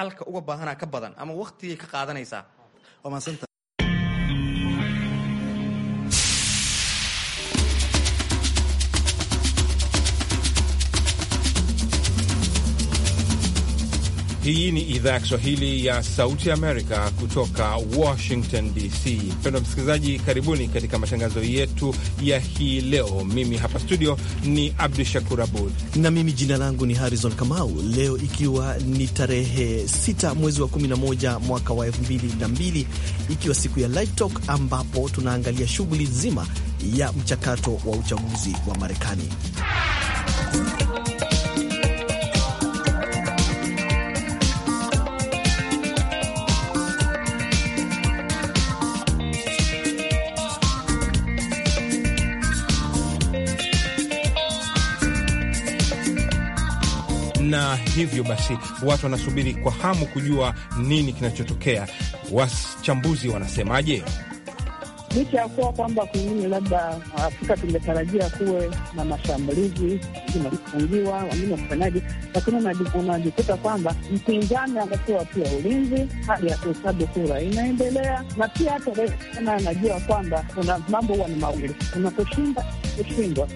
xalka uga baahanaa ka badan ama wakhtigay ka qaadanaysaa Hii ni idhaa ya Kiswahili ya Sauti ya Amerika kutoka Washington DC. Mpendwa msikilizaji, karibuni katika matangazo yetu ya hii leo. Mimi hapa studio ni Abdu Shakur Abud na mimi jina langu ni Harrison Kamau. Leo ikiwa ni tarehe 6 mwezi wa 11 mwaka wa 2022, ikiwa siku ya Live Talk ambapo tunaangalia shughuli nzima ya mchakato wa uchaguzi wa Marekani. Hivyo basi watu wanasubiri kwa hamu kujua nini kinachotokea. Wachambuzi wanasemaje? Licha ya kuwa kwamba kwingine labda Afrika tungetarajia kuwe na mashambulizi, wengine wakifungiwa, wengine wakufanyaji, lakini unajikuta kwamba mpinzani amekuwa pia ulinzi, hali ya kuhesabu kura inaendelea, na pia hata anajua kwamba kuna mambo huwa ni mawili, unaposhinda kushinda kushindwa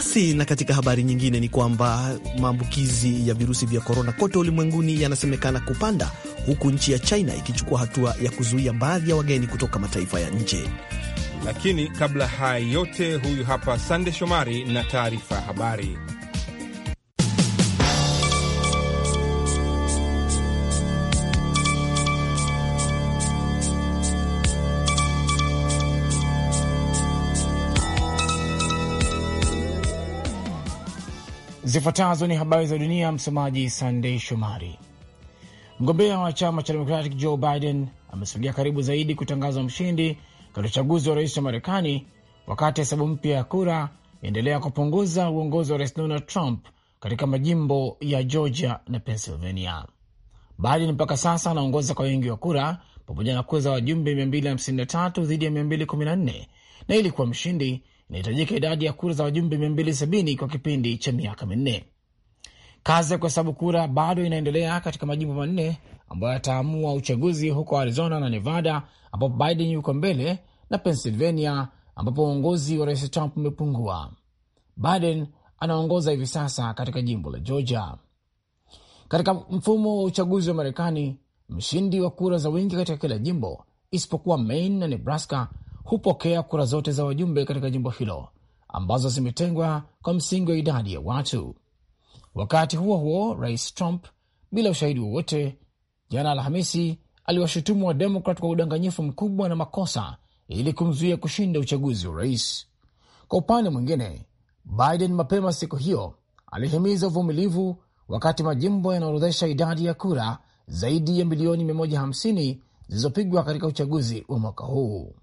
basi na katika habari nyingine ni kwamba maambukizi ya virusi vya korona kote ulimwenguni yanasemekana kupanda, huku nchi ya China ikichukua hatua ya kuzuia baadhi ya wageni kutoka mataifa ya nje. Lakini kabla haya yote, huyu hapa Sande Shomari na taarifa ya habari. Zifuatazo ni habari za dunia, msomaji Sandei Shomari. Mgombea wa chama cha Democratic Joe Biden amesogea karibu zaidi kutangazwa mshindi katika uchaguzi wa rais wa Marekani, wakati hesabu mpya ya kura inaendelea kupunguza uongozi wa rais Donald Trump katika majimbo ya Georgia na Pennsylvania. Biden mpaka sasa anaongoza kwa wingi wa kura pamoja na kuweza wajumbe 253 dhidi ya 214 na ili kuwa mshindi inahitajika idadi ya kura za wajumbe 270 kwa kipindi cha miaka minne. Kazi ya kuhesabu kura bado inaendelea katika majimbo manne ambayo yataamua uchaguzi huko Arizona na Nevada ambapo Biden yuko mbele na Pennsylvania ambapo uongozi wa rais Trump umepungua. Biden anaongoza hivi sasa katika jimbo la Georgia. Katika mfumo wa uchaguzi wa Marekani, mshindi wa kura za wingi katika kila jimbo isipokuwa Maine na Nebraska hupokea kura zote za wajumbe katika jimbo hilo ambazo zimetengwa kwa msingi wa idadi ya watu. Wakati huo huo, Rais Trump bila ushahidi wowote, jana Alhamisi, aliwashutumu wa Demokrat kwa udanganyifu mkubwa na makosa ili kumzuia kushinda uchaguzi wa rais. Kwa upande mwingine, Biden mapema siku hiyo alihimiza uvumilivu wakati majimbo yanaorodhesha idadi ya kura zaidi ya milioni 150 zilizopigwa katika uchaguzi wa mwaka huu.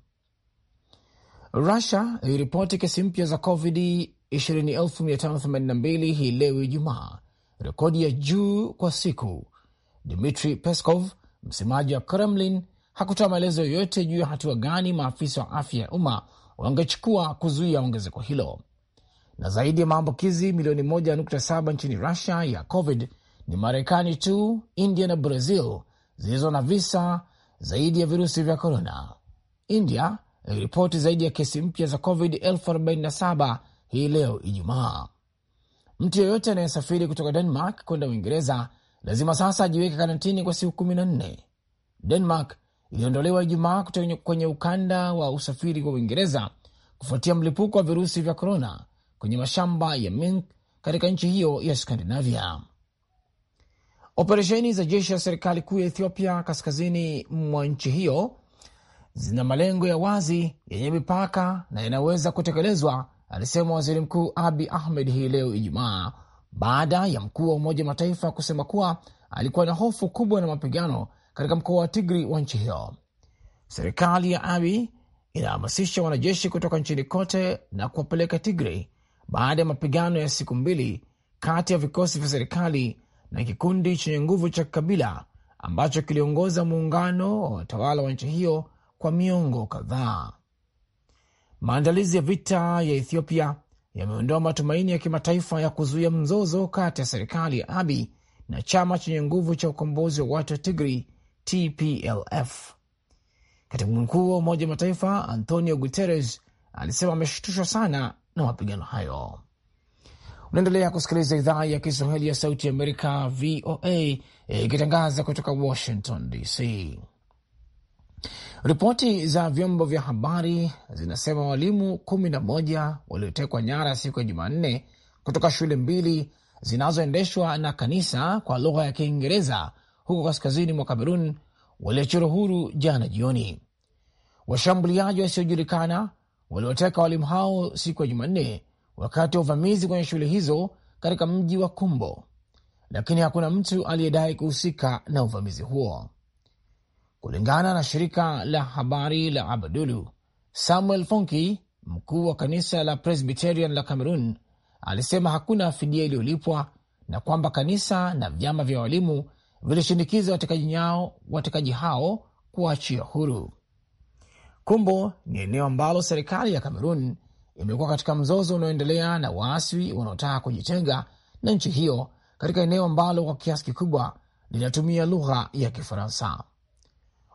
Rusia iliripoti kesi mpya za covid 20,582 hii leo Ijumaa, rekodi ya juu kwa siku. Dmitri Peskov, msemaji wa Kremlin, hakutoa maelezo yoyote juu ya hatua gani maafisa wa afya ya umma wangechukua kuzuia ongezeko hilo. Na zaidi ya maambukizi milioni 1.7 nchini Rusia ya covid ni Marekani tu, India na Brazil zilizo na visa zaidi ya virusi vya korona. India Eh, ripoti zaidi ya kesi mpya za covid 47 hii leo Ijumaa. Mtu yeyote anayesafiri kutoka Denmark kwenda Uingereza lazima sasa ajiweke karantini kwa siku kumi na nne. Denmark iliondolewa Ijumaa kutoka kwenye ukanda wa usafiri wa Uingereza kufuatia mlipuko wa virusi vya korona kwenye mashamba ya mink katika nchi hiyo ya Skandinavia. Operesheni za jeshi la serikali kuu ya Ethiopia kaskazini mwa nchi hiyo zina malengo ya wazi yenye mipaka na yanaweza kutekelezwa, alisema waziri mkuu Abi Ahmed hii leo Ijumaa, baada ya mkuu wa Umoja wa Mataifa kusema kuwa alikuwa na hofu kubwa na mapigano katika mkoa wa Tigri wa nchi hiyo. Serikali ya Abi inahamasisha wanajeshi kutoka nchini kote na kuwapeleka Tigri baada ya mapigano ya siku mbili kati ya vikosi vya serikali na kikundi chenye nguvu cha kikabila ambacho kiliongoza muungano wa watawala wa nchi hiyo kwa miongo kadhaa. Maandalizi ya vita ya Ethiopia yameondoa matumaini ya kimataifa ya kuzuia mzozo kati ya serikali ya Abi na chama chenye nguvu cha ukombozi wa watu wa Tigri, TPLF. Katibu mkuu wa Umoja wa Mataifa Antonio Guterres alisema ameshtushwa sana na mapigano hayo. Unaendelea kusikiliza idhaa ya Kiswahili ya Sauti ya Amerika, VOA, ikitangaza kutoka Washington DC. Ripoti za vyombo vya habari zinasema walimu kumi na moja waliotekwa nyara siku ya Jumanne kutoka shule mbili zinazoendeshwa na kanisa kwa lugha ya Kiingereza huko kaskazini mwa Kamerun waliachiliwa huru jana jioni. Washambuliaji wasiojulikana walioteka walimu hao siku ya Jumanne wakati wa uvamizi kwenye shule hizo katika mji wa Kumbo, lakini hakuna mtu aliyedai kuhusika na uvamizi huo. Kulingana na shirika la habari la Abdulu, Samuel Fonki, mkuu wa kanisa la Presbyterian la Cameroon, alisema hakuna fidia iliyolipwa na kwamba kanisa na vyama vya walimu vilishinikiza watekaji hao kuachia huru. Kumbo ni eneo ambalo serikali ya cameron imekuwa katika mzozo unaoendelea na waasi wanaotaka kujitenga na nchi hiyo katika eneo ambalo kwa kiasi kikubwa linatumia lugha ya Kifaransa.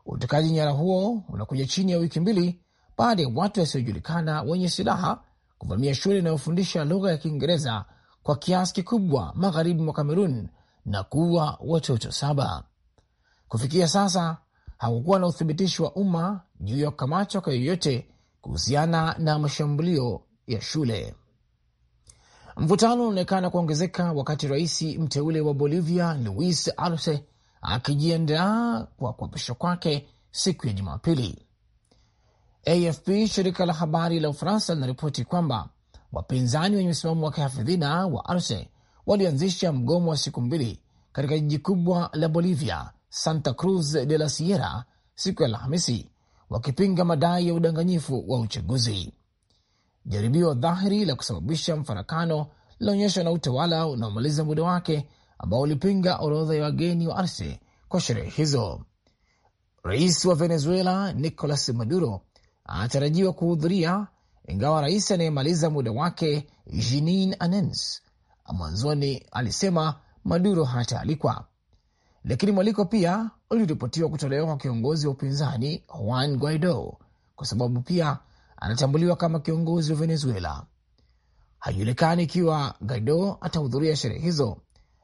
Utekaji nyara huo unakuja chini ya wiki mbili baada ya watu wasiojulikana wenye silaha kuvamia shule inayofundisha lugha ya Kiingereza kwa kiasi kikubwa magharibi mwa Kamerun na kuua watoto saba. Kufikia sasa hakukuwa na uthibitishi wa umma juu ya kukamatwa kwa yoyote kuhusiana na mashambulio ya shule. Mvutano unaonekana kuongezeka wakati rais mteule wa Bolivia Luis Arce akijiandaa kwa kuapishwa kwake siku ya Jumapili. AFP, shirika la habari la Ufaransa, linaripoti kwamba wapinzani wenye msimamo wa kihafidhina wa Arce walianzisha mgomo wa siku mbili katika jiji kubwa la Bolivia, Santa Cruz de la Sierra, siku ya Alhamisi, wakipinga madai ya udanganyifu wa uchaguzi. Jaribio dhahiri la kusababisha mfarakano linaonyeshwa na utawala unaomaliza muda wake ambao ulipinga orodha ya wageni wa Arce kwa sherehe hizo. Rais wa Venezuela Nicolas Maduro anatarajiwa kuhudhuria, ingawa rais anayemaliza muda wake Jeanine Anens mwanzoni alisema Maduro hataalikwa, lakini mwaliko pia uliripotiwa kutolewa kwa kiongozi wa upinzani Juan Guaido kwa sababu pia anatambuliwa kama kiongozi wa Venezuela. Haijulikani ikiwa Guaido atahudhuria sherehe hizo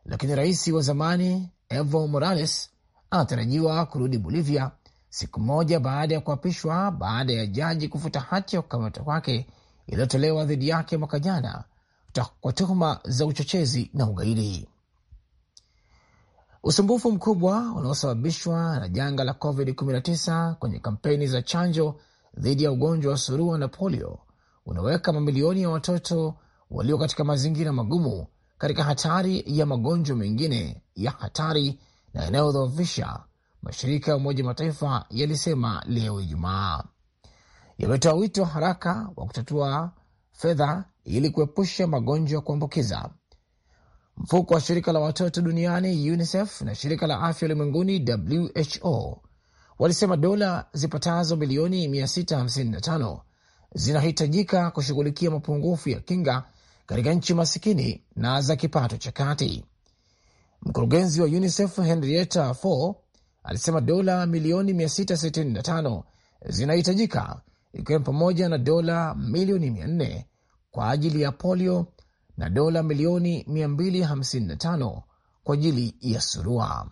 lakini rais wa zamani Evo Morales anatarajiwa kurudi Bolivia siku moja baada ya kuapishwa baada ya jaji kufuta hati ya kukamatwa kwake iliyotolewa dhidi yake mwaka jana kwa tuhuma za uchochezi na ugaidi. Usumbufu mkubwa unaosababishwa na janga la COVID-19 kwenye kampeni za chanjo dhidi ya ugonjwa wa surua na polio unaweka mamilioni ya watoto walio katika mazingira magumu katika hatari ya magonjwa mengine ya hatari na yanayodhoofisha, mashirika ya Umoja Mataifa yalisema leo Ijumaa. Yametoa wito haraka wa kutatua fedha ili kuepusha magonjwa ya kuambukiza. Mfuko wa shirika la watoto duniani UNICEF na shirika la afya ulimwenguni WHO walisema dola zipatazo milioni 655 zinahitajika kushughulikia mapungufu ya kinga katika nchi masikini na za kipato cha kati. Mkurugenzi wa UNICEF Henrietta Fore alisema dola milioni 665 zinahitajika ikiwa ni pamoja na dola milioni 400 kwa ajili ya polio na dola milioni 255 kwa ajili ya surua.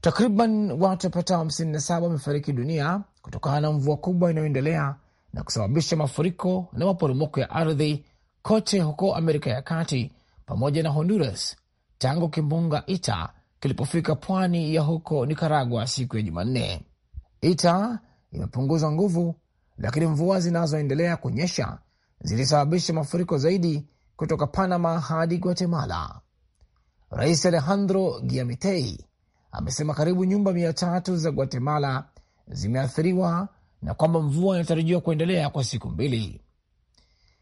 Takriban watu wapatao 57 wamefariki dunia kutokana na mvua kubwa inayoendelea na kusababisha mafuriko na maporomoko ya ardhi kote huko Amerika ya Kati pamoja na Honduras tangu kimbunga Ita kilipofika pwani ya huko Nikaragua siku ya Jumanne. Ita imepunguza nguvu, lakini mvua zinazoendelea kunyesha zilisababisha mafuriko zaidi kutoka Panama hadi Guatemala. Rais Alejandro Giamitei amesema karibu nyumba mia tatu za Guatemala zimeathiriwa na kwamba mvua inatarajiwa kuendelea kwa siku mbili.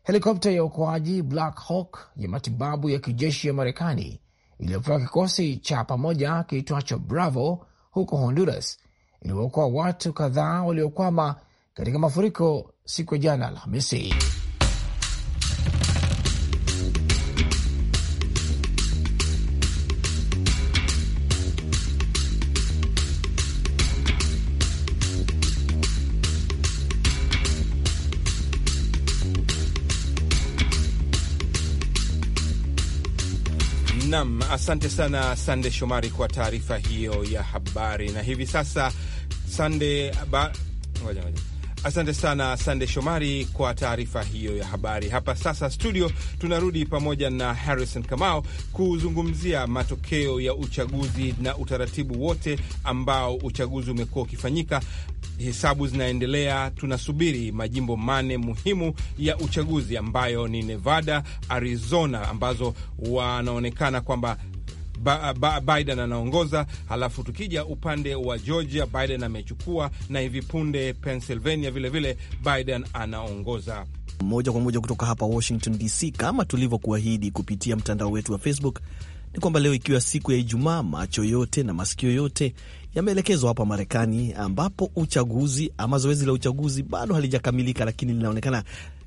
Helikopta ya uokoaji Black Hawk ya matibabu ya kijeshi ya Marekani iliyopewa kikosi cha pamoja kiitwacho Bravo huko Honduras iliwaokoa watu kadhaa waliokwama katika mafuriko siku ya jana Alhamisi. Nam, asante sana Sande Shomari kwa taarifa hiyo ya habari. Na hivi sasa Sande ba... Asante sana Sande Shomari kwa taarifa hiyo ya habari. Hapa sasa studio tunarudi pamoja na Harrison Kamao kuzungumzia matokeo ya uchaguzi na utaratibu wote ambao uchaguzi umekuwa ukifanyika. Hesabu zinaendelea, tunasubiri majimbo mane muhimu ya uchaguzi ambayo ni Nevada, Arizona, ambazo wanaonekana kwamba ba, ba, Biden anaongoza. Halafu tukija upande wa Georgia, Biden amechukua, na hivi punde Pennsylvania vilevile vile, Biden anaongoza moja kwa moja kutoka hapa Washington DC. Kama tulivyokuahidi kupitia mtandao wetu wa Facebook ni kwamba leo ikiwa siku ya Ijumaa, macho yote na masikio yote yameelekezwa hapa Marekani, ambapo uchaguzi ama zoezi la uchaguzi bado halijakamilika, lakini linaonekana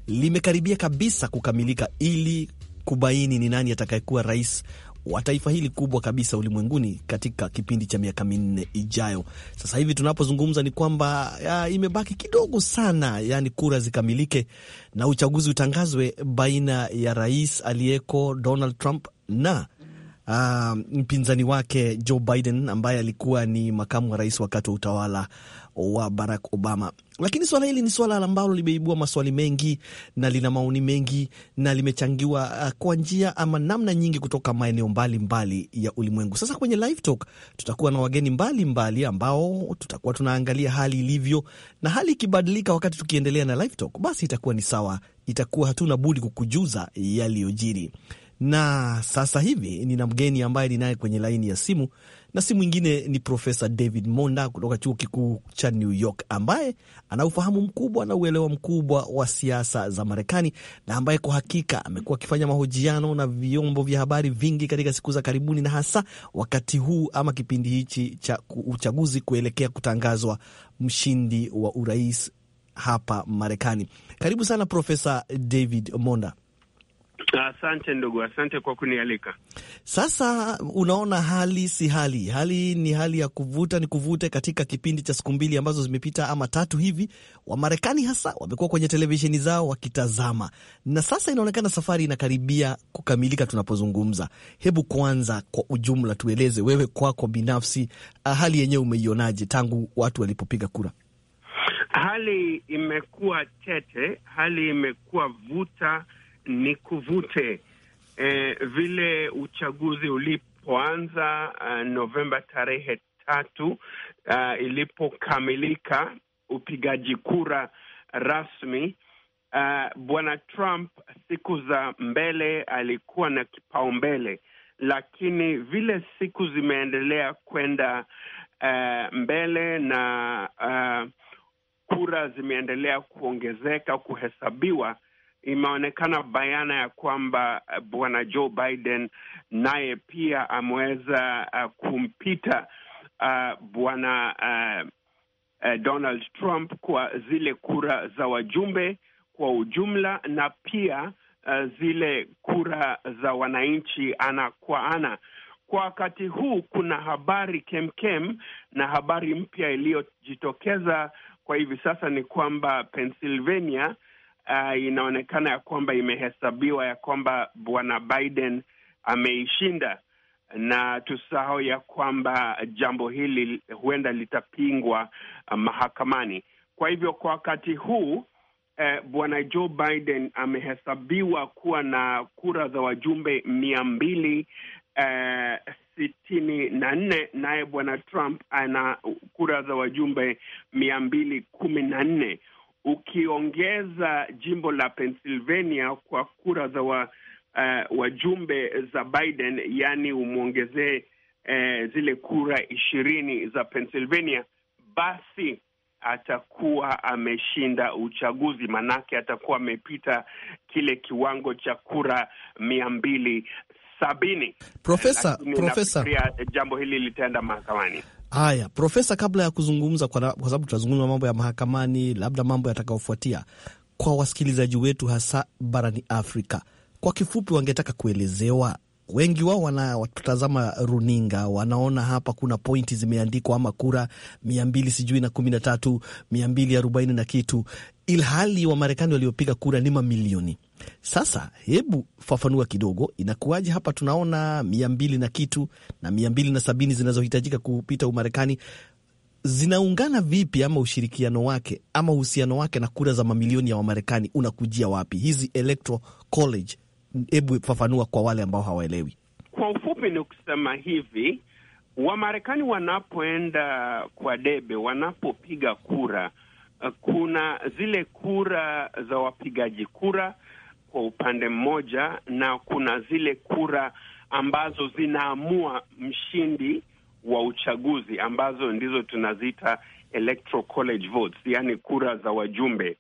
limekaribia kabisa kukamilika ili kubaini ni nani atakayekuwa rais wa taifa hili kubwa kabisa ulimwenguni katika kipindi cha miaka minne ijayo. Sasa hivi tunapozungumza ni kwamba ya, imebaki kidogo sana, yaani kura zikamilike na uchaguzi utangazwe baina ya rais aliyeko Donald Trump na Ah, mpinzani wake Joe Biden ambaye alikuwa ni makamu wa rais wakati wa utawala wa Barack Obama. Lakini swala hili ni swala ambalo limeibua maswali mengi na lina maoni mengi na limechangiwa uh, kwa njia ama namna nyingi kutoka maeneo mbalimbali ya ulimwengu. Sasa kwenye Live Talk tutakuwa na wageni mbalimbali mbali ambao tutakuwa tunaangalia hali ilivyo, na hali ikibadilika wakati tukiendelea na Live Talk, basi itakuwa ni sawa, itakuwa hatuna budi kukujuza yaliyojiri na sasa hivi nina mgeni ambaye ninaye kwenye laini ya simu, na simu ingine ni Profesa David Monda kutoka chuo kikuu cha New York, ambaye ana ufahamu mkubwa na uelewa mkubwa wa siasa za Marekani, na ambaye kwa hakika amekuwa akifanya mahojiano na vyombo vya habari vingi katika siku za karibuni, na hasa wakati huu ama kipindi hichi cha uchaguzi kuelekea kutangazwa mshindi wa urais hapa Marekani. Karibu sana Profesa David Monda. Asante ndugu, asante kwa kunialika. Sasa unaona, hali si hali, hali ni hali ya kuvuta ni kuvute. Katika kipindi cha siku mbili ambazo zimepita ama tatu hivi, Wamarekani hasa wamekuwa kwenye televisheni zao wakitazama, na sasa inaonekana safari inakaribia kukamilika tunapozungumza. Hebu kwanza, kwa ujumla, tueleze wewe kwako binafsi, ah, hali yenyewe umeionaje tangu watu walipopiga kura? Hali imekuwa tete, hali imekuwa vuta ni kuvute e, eh, vile uchaguzi ulipoanza uh, Novemba tarehe tatu uh, ilipokamilika upigaji kura rasmi uh, Bwana Trump siku za mbele alikuwa na kipaumbele, lakini vile siku zimeendelea kwenda uh, mbele na uh, kura zimeendelea kuongezeka kuhesabiwa imeonekana bayana ya kwamba eh, bwana Joe Biden naye pia ameweza uh, kumpita uh, bwana uh, uh, Donald Trump kwa zile kura za wajumbe kwa ujumla na pia uh, zile kura za wananchi ana kwa ana. Kwa wakati huu kuna habari kemkem kem, na habari mpya iliyojitokeza kwa hivi sasa ni kwamba Pennsylvania uh, inaonekana ya kwamba imehesabiwa ya kwamba bwana Biden ameishinda, na tusahau ya kwamba jambo hili huenda litapingwa uh, mahakamani. Kwa hivyo kwa wakati huu eh, bwana Joe Biden amehesabiwa kuwa na kura za wajumbe mia mbili eh, sitini na nne naye bwana Trump ana kura za wajumbe mia mbili kumi na nne ukiongeza jimbo la Pennsylvania kwa kura za wa, uh, wajumbe za Biden, yaani umwongezee uh, zile kura ishirini za Pennsylvania, basi atakuwa ameshinda uchaguzi, manake atakuwa amepita kile kiwango cha kura mia mbili sabini. Profesa, profesa, jambo hili litaenda mahakamani. Haya, Profesa, kabla ya kuzungumza kwa, kwa sababu tunazungumza mambo ya mahakamani, labda mambo yatakayofuatia kwa wasikilizaji wetu hasa barani Afrika, kwa kifupi wangetaka kuelezewa wengi wao wanatutazama runinga, wanaona hapa kuna pointi zimeandikwa ama kura mia mbili sijui na kumi na tatu mia mbili arobaini na kitu, ilhali Wamarekani waliopiga kura ni mamilioni. Sasa hebu fafanua kidogo, inakuwaje hapa tunaona mia mbili na kitu na mia mbili na sabini zinazohitajika kupita Umarekani zinaungana vipi, ama ushirikiano wake ama uhusiano wake na kura za mamilioni ya Wamarekani unakujia wapi? Hizi electoral college hebu fafanua kwa wale ambao hawaelewi. Kwa ufupi ni kusema hivi, Wamarekani wanapoenda kwa debe, wanapopiga kura, kuna zile kura za wapigaji kura kwa upande mmoja, na kuna zile kura ambazo zinaamua mshindi wa uchaguzi ambazo ndizo tunaziita electoral college votes, yaani kura za wajumbe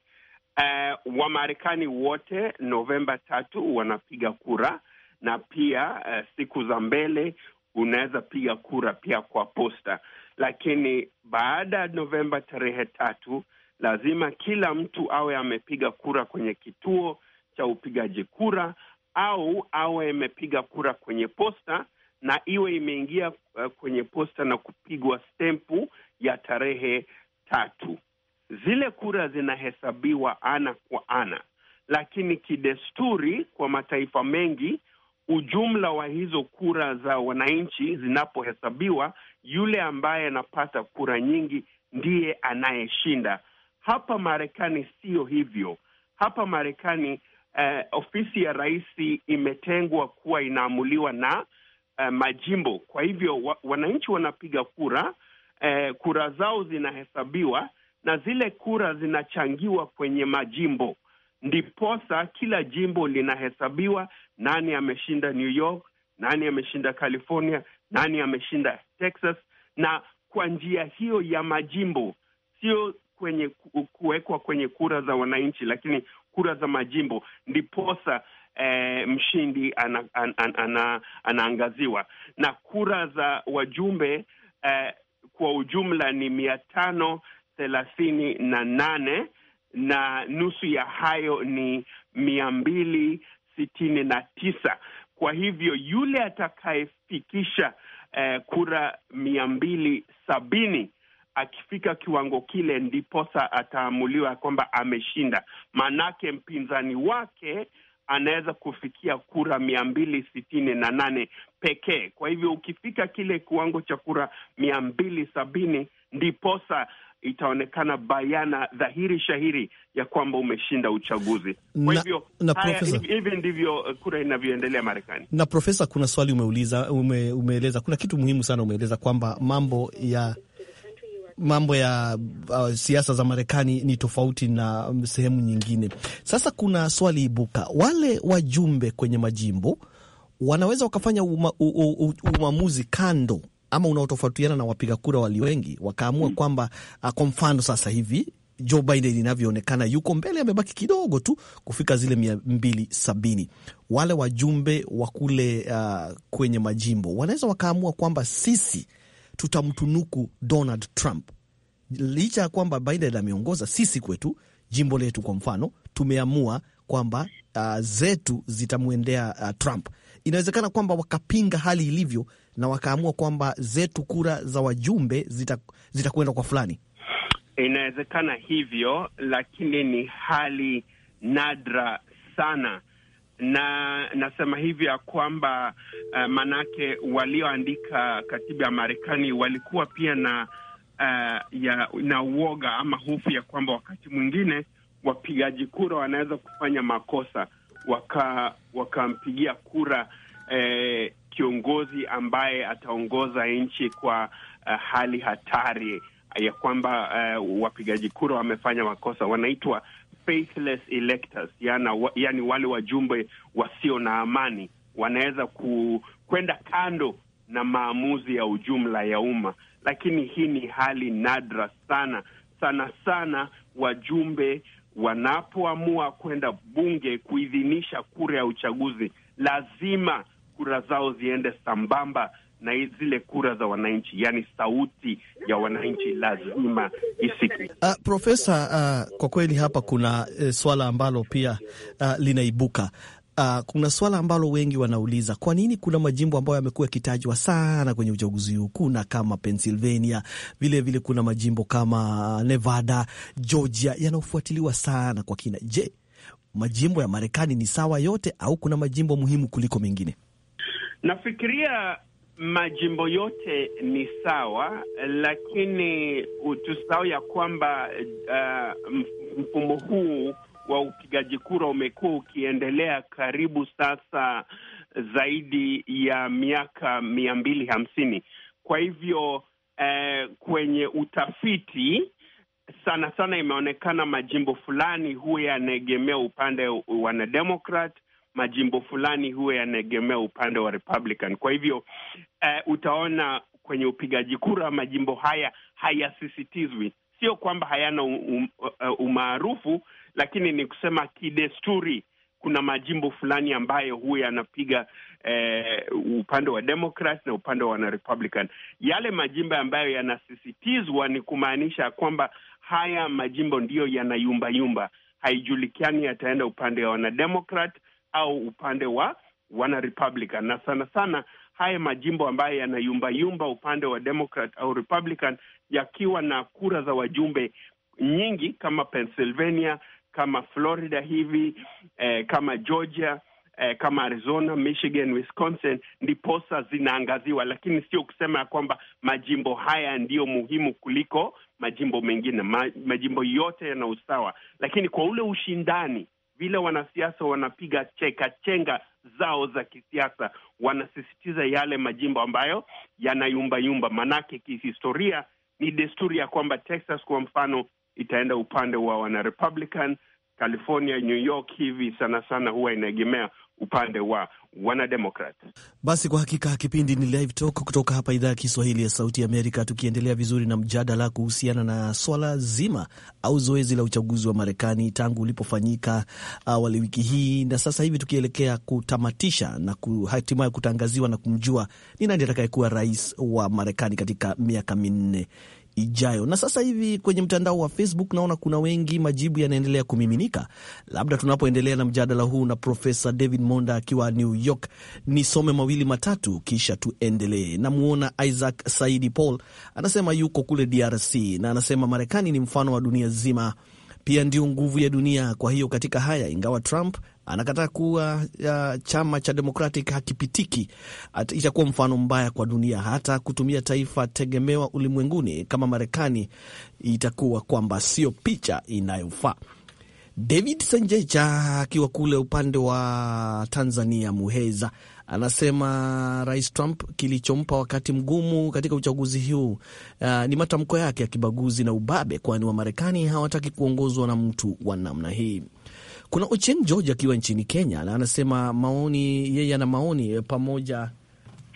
Uh, Wamarekani wote Novemba tatu wanapiga kura na pia uh, siku za mbele unaweza piga kura pia kwa posta, lakini baada ya Novemba tarehe tatu lazima kila mtu awe amepiga kura kwenye kituo cha upigaji kura au awe amepiga kura kwenye posta na iwe imeingia eh, kwenye posta na kupigwa stempu ya tarehe tatu zile kura zinahesabiwa ana kwa ana, lakini kidesturi, kwa mataifa mengi, ujumla wa hizo kura za wananchi zinapohesabiwa, yule ambaye anapata kura nyingi ndiye anayeshinda. Hapa Marekani siyo hivyo. Hapa Marekani eh, ofisi ya rais imetengwa kuwa inaamuliwa na eh, majimbo. Kwa hivyo wa, wananchi wanapiga kura eh, kura zao zinahesabiwa na zile kura zinachangiwa kwenye majimbo, ndiposa kila jimbo linahesabiwa nani ameshinda New York, nani ameshinda California, nani ameshinda Texas, na kwa njia hiyo ya majimbo, sio kwenye kuwekwa kwenye kura za wananchi, lakini kura za majimbo, ndiposa eh, mshindi ana, an, an, ana, anaangaziwa na kura za wajumbe eh, kwa ujumla ni mia tano thelathini na nane na nusu ya hayo ni mia mbili sitini na tisa. Kwa hivyo yule atakayefikisha eh, kura mia mbili sabini akifika kiwango kile, ndiposa ataamuliwa kwamba ameshinda. Maanake mpinzani wake anaweza kufikia kura mia mbili sitini na nane pekee. Kwa hivyo ukifika kile kiwango cha kura mia mbili sabini ndiposa itaonekana bayana dhahiri shahiri ya kwamba umeshinda uchaguzi. Kwa hivyo hivi ndivyo uh, kura inavyoendelea Marekani. Na Profesa, kuna swali umeuliza, ume, umeeleza kuna kitu muhimu sana umeeleza kwamba mambo ya mambo ya uh, siasa za Marekani ni tofauti na um, sehemu nyingine. Sasa kuna swali ibuka, wale wajumbe kwenye majimbo wanaweza wakafanya uma, u, u, u, umamuzi kando ama unaotofautiana na wapiga kura walio wengi wakaamua mm, kwamba ah, kwa mfano sasa hivi Joe Biden inavyoonekana yuko mbele, amebaki kidogo tu kufika zile mia mbili sabini. Wale wajumbe wa kule uh, kwenye majimbo wanaweza wakaamua kwamba sisi tutamtunuku Donald Trump licha ya kwamba Biden ameongoza. Sisi kwetu jimbo letu kwa mfano tumeamua kwamba uh, zetu zitamwendea uh, Trump. Inawezekana kwamba wakapinga hali ilivyo na wakaamua kwamba zetu kura za wajumbe zitakwenda zita kwa fulani? Inawezekana hivyo, lakini ni hali nadra sana na nasema hivyo ya kwamba uh, manake walioandika katiba ya Marekani walikuwa pia na uh, ya, na uoga ama hofu ya kwamba wakati mwingine wapigaji kura wanaweza kufanya makosa wakampigia waka kura eh, kiongozi ambaye ataongoza nchi kwa uh, hali hatari ya kwamba uh, wapigaji kura wamefanya makosa, wanaitwa faithless electors, wale wajumbe wasio na amani wanaweza kwenda kando na maamuzi ya ujumla ya umma, lakini hii ni hali nadra sana sana sana. Wajumbe wanapoamua kwenda bunge kuidhinisha kura ya uchaguzi, lazima kura zao ziende sambamba na zile kura za wananchi, yaani sauti ya wananchi lazima isikike. Uh, Profesa, uh, kwa kweli hapa kuna uh, swala ambalo pia uh, linaibuka Uh, kuna swala ambalo wengi wanauliza, kwa nini kuna majimbo ambayo yamekuwa yakitajwa sana kwenye uchaguzi huu? Kuna kama Pennsylvania, vilevile vile kuna majimbo kama Nevada, Georgia yanaofuatiliwa sana kwa kina. Je, majimbo ya Marekani ni sawa yote au kuna majimbo muhimu kuliko mengine? Nafikiria majimbo yote ni sawa, lakini tusahau ya kwamba uh, mfumo huu wa upigaji kura umekuwa ukiendelea karibu sasa zaidi ya miaka mia mbili hamsini. Kwa hivyo uh, kwenye utafiti sana sana imeonekana majimbo fulani huwa yanaegemea upande wa Democrat majimbo fulani huwa yanaegemea upande wa Republican. Kwa hivyo uh, utaona kwenye upigaji kura majimbo haya hayasisitizwi, sio kwamba hayana um, uh, umaarufu, lakini ni kusema kidesturi kuna majimbo fulani ambayo huwa yanapiga eh, upande wa Democrat na upande wa Republican. Yale majimbo ambayo yanasisitizwa ni kumaanisha kwamba haya majimbo ndiyo yanayumbayumba, haijulikani yataenda upande wa wanademokrat au upande wa wana Republican, na sana sana haya majimbo ambayo yanayumbayumba upande wa Democrat au Republican yakiwa na kura za wajumbe nyingi kama Pennsylvania, kama Florida hivi eh, kama Georgia eh, kama Arizona, Michigan, Wisconsin, ndiposa zinaangaziwa, lakini sio kusema ya kwamba majimbo haya ndiyo muhimu kuliko majimbo mengine. Ma, majimbo yote yana usawa, lakini kwa ule ushindani vile wanasiasa wanapiga cheka chenga zao za kisiasa, wanasisitiza yale majimbo ambayo yanayumbayumba. Manake kihistoria ni desturi ya kwamba Texas kwa mfano itaenda upande wa wanarepublican, California, New York hivi sana sana huwa inaegemea upande wa wanademokrat. Basi kwa hakika kipindi ni Live Talk kutoka hapa idhaa ya Kiswahili ya Sauti Amerika, tukiendelea vizuri na mjadala kuhusiana na swala zima au zoezi la uchaguzi wa Marekani tangu ulipofanyika awali wiki hii na sasa hivi tukielekea kutamatisha na hatimaye kutangaziwa na kumjua ni nani atakayekuwa rais wa Marekani katika miaka minne ijayo. Na sasa hivi kwenye mtandao wa Facebook naona kuna wengi, majibu yanaendelea kumiminika. Labda tunapoendelea na mjadala huu na Profesa David Monda akiwa New York, nisome mawili matatu kisha tuendelee. Namwona Isaac Saidi Paul anasema yuko kule DRC na anasema Marekani ni mfano wa dunia zima pia ndio nguvu ya dunia. Kwa hiyo katika haya, ingawa Trump anakataa kuwa ya chama cha Democratic hakipitiki, itakuwa mfano mbaya kwa dunia. Hata kutumia taifa tegemewa ulimwenguni kama Marekani itakuwa kwamba sio picha inayofaa. David Sanjecha akiwa kule upande wa Tanzania, Muheza Anasema Rais Trump kilichompa wakati mgumu katika uchaguzi huu uh, ni matamko yake ya kibaguzi na ubabe, kwani Wamarekani hawataki kuongozwa na mtu wa namna hii. Kuna Ochieng George akiwa nchini Kenya na anasema maoni, yeye ana maoni eh, pamoja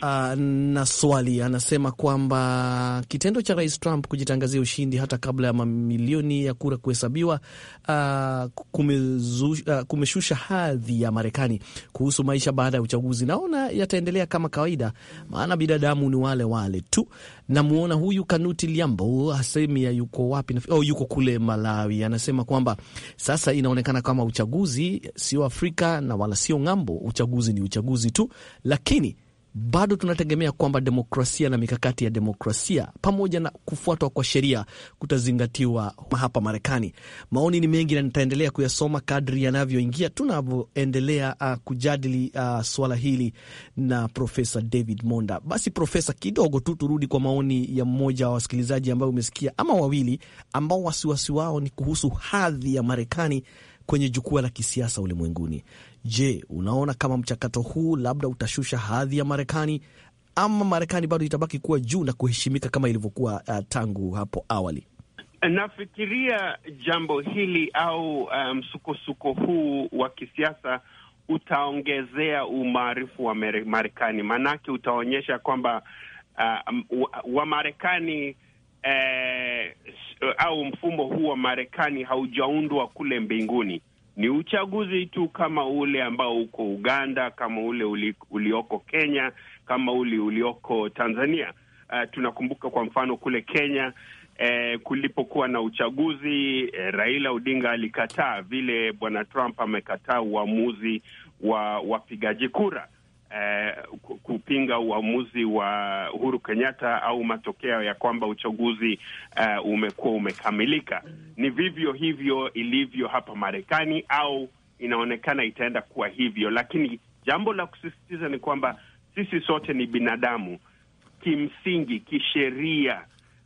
uh, na swali anasema kwamba kitendo cha Rais Trump kujitangazia ushindi hata kabla ya mamilioni ya kura kuhesabiwa uh, uh, kumeshusha hadhi ya Marekani kuhusu maisha baada ya uchaguzi. Naona yataendelea kama kawaida, maana binadamu ni wale wale tu. namwona huyu Kanuti Liambo asemi ya yuko wapi na, oh, yuko kule Malawi. Anasema kwamba sasa inaonekana kama uchaguzi sio Afrika na wala sio ng'ambo. Uchaguzi ni uchaguzi tu, lakini bado tunategemea kwamba demokrasia na mikakati ya demokrasia pamoja na kufuatwa kwa sheria kutazingatiwa hapa Marekani. Maoni ni mengi na nitaendelea kuyasoma kadri yanavyoingia tunavyoendelea uh, kujadili uh, swala hili na Profesa David Monda. Basi Profesa, kidogo tu turudi kwa maoni ya mmoja wa wasikilizaji ambayo umesikia ama wawili, ambao wasiwasi wao ni kuhusu hadhi ya Marekani kwenye jukwaa la kisiasa ulimwenguni. Je, unaona kama mchakato huu labda utashusha hadhi ya Marekani ama Marekani bado itabaki kuwa juu na kuheshimika kama ilivyokuwa uh, tangu hapo awali? Nafikiria jambo hili au uh, msukosuko um, huu wa kisiasa utaongezea umaarufu wa Marekani, maanake utaonyesha kwamba uh, Wamarekani Marekani eh, au mfumo huu wa Marekani haujaundwa kule mbinguni ni uchaguzi tu kama ule ambao uko Uganda, kama ule uli, ulioko Kenya, kama ule ulioko Tanzania. Uh, tunakumbuka kwa mfano kule Kenya eh, kulipokuwa na uchaguzi eh, Raila Odinga alikataa vile bwana Trump amekataa uamuzi wa wapigaji kura eh, kupinga uamuzi wa Uhuru Kenyatta au matokeo ya kwamba uchaguzi eh, umekuwa umekamilika. Ni vivyo hivyo ilivyo hapa Marekani, au inaonekana itaenda kuwa hivyo, lakini jambo la kusisitiza ni kwamba sisi sote ni binadamu kimsingi, kisheria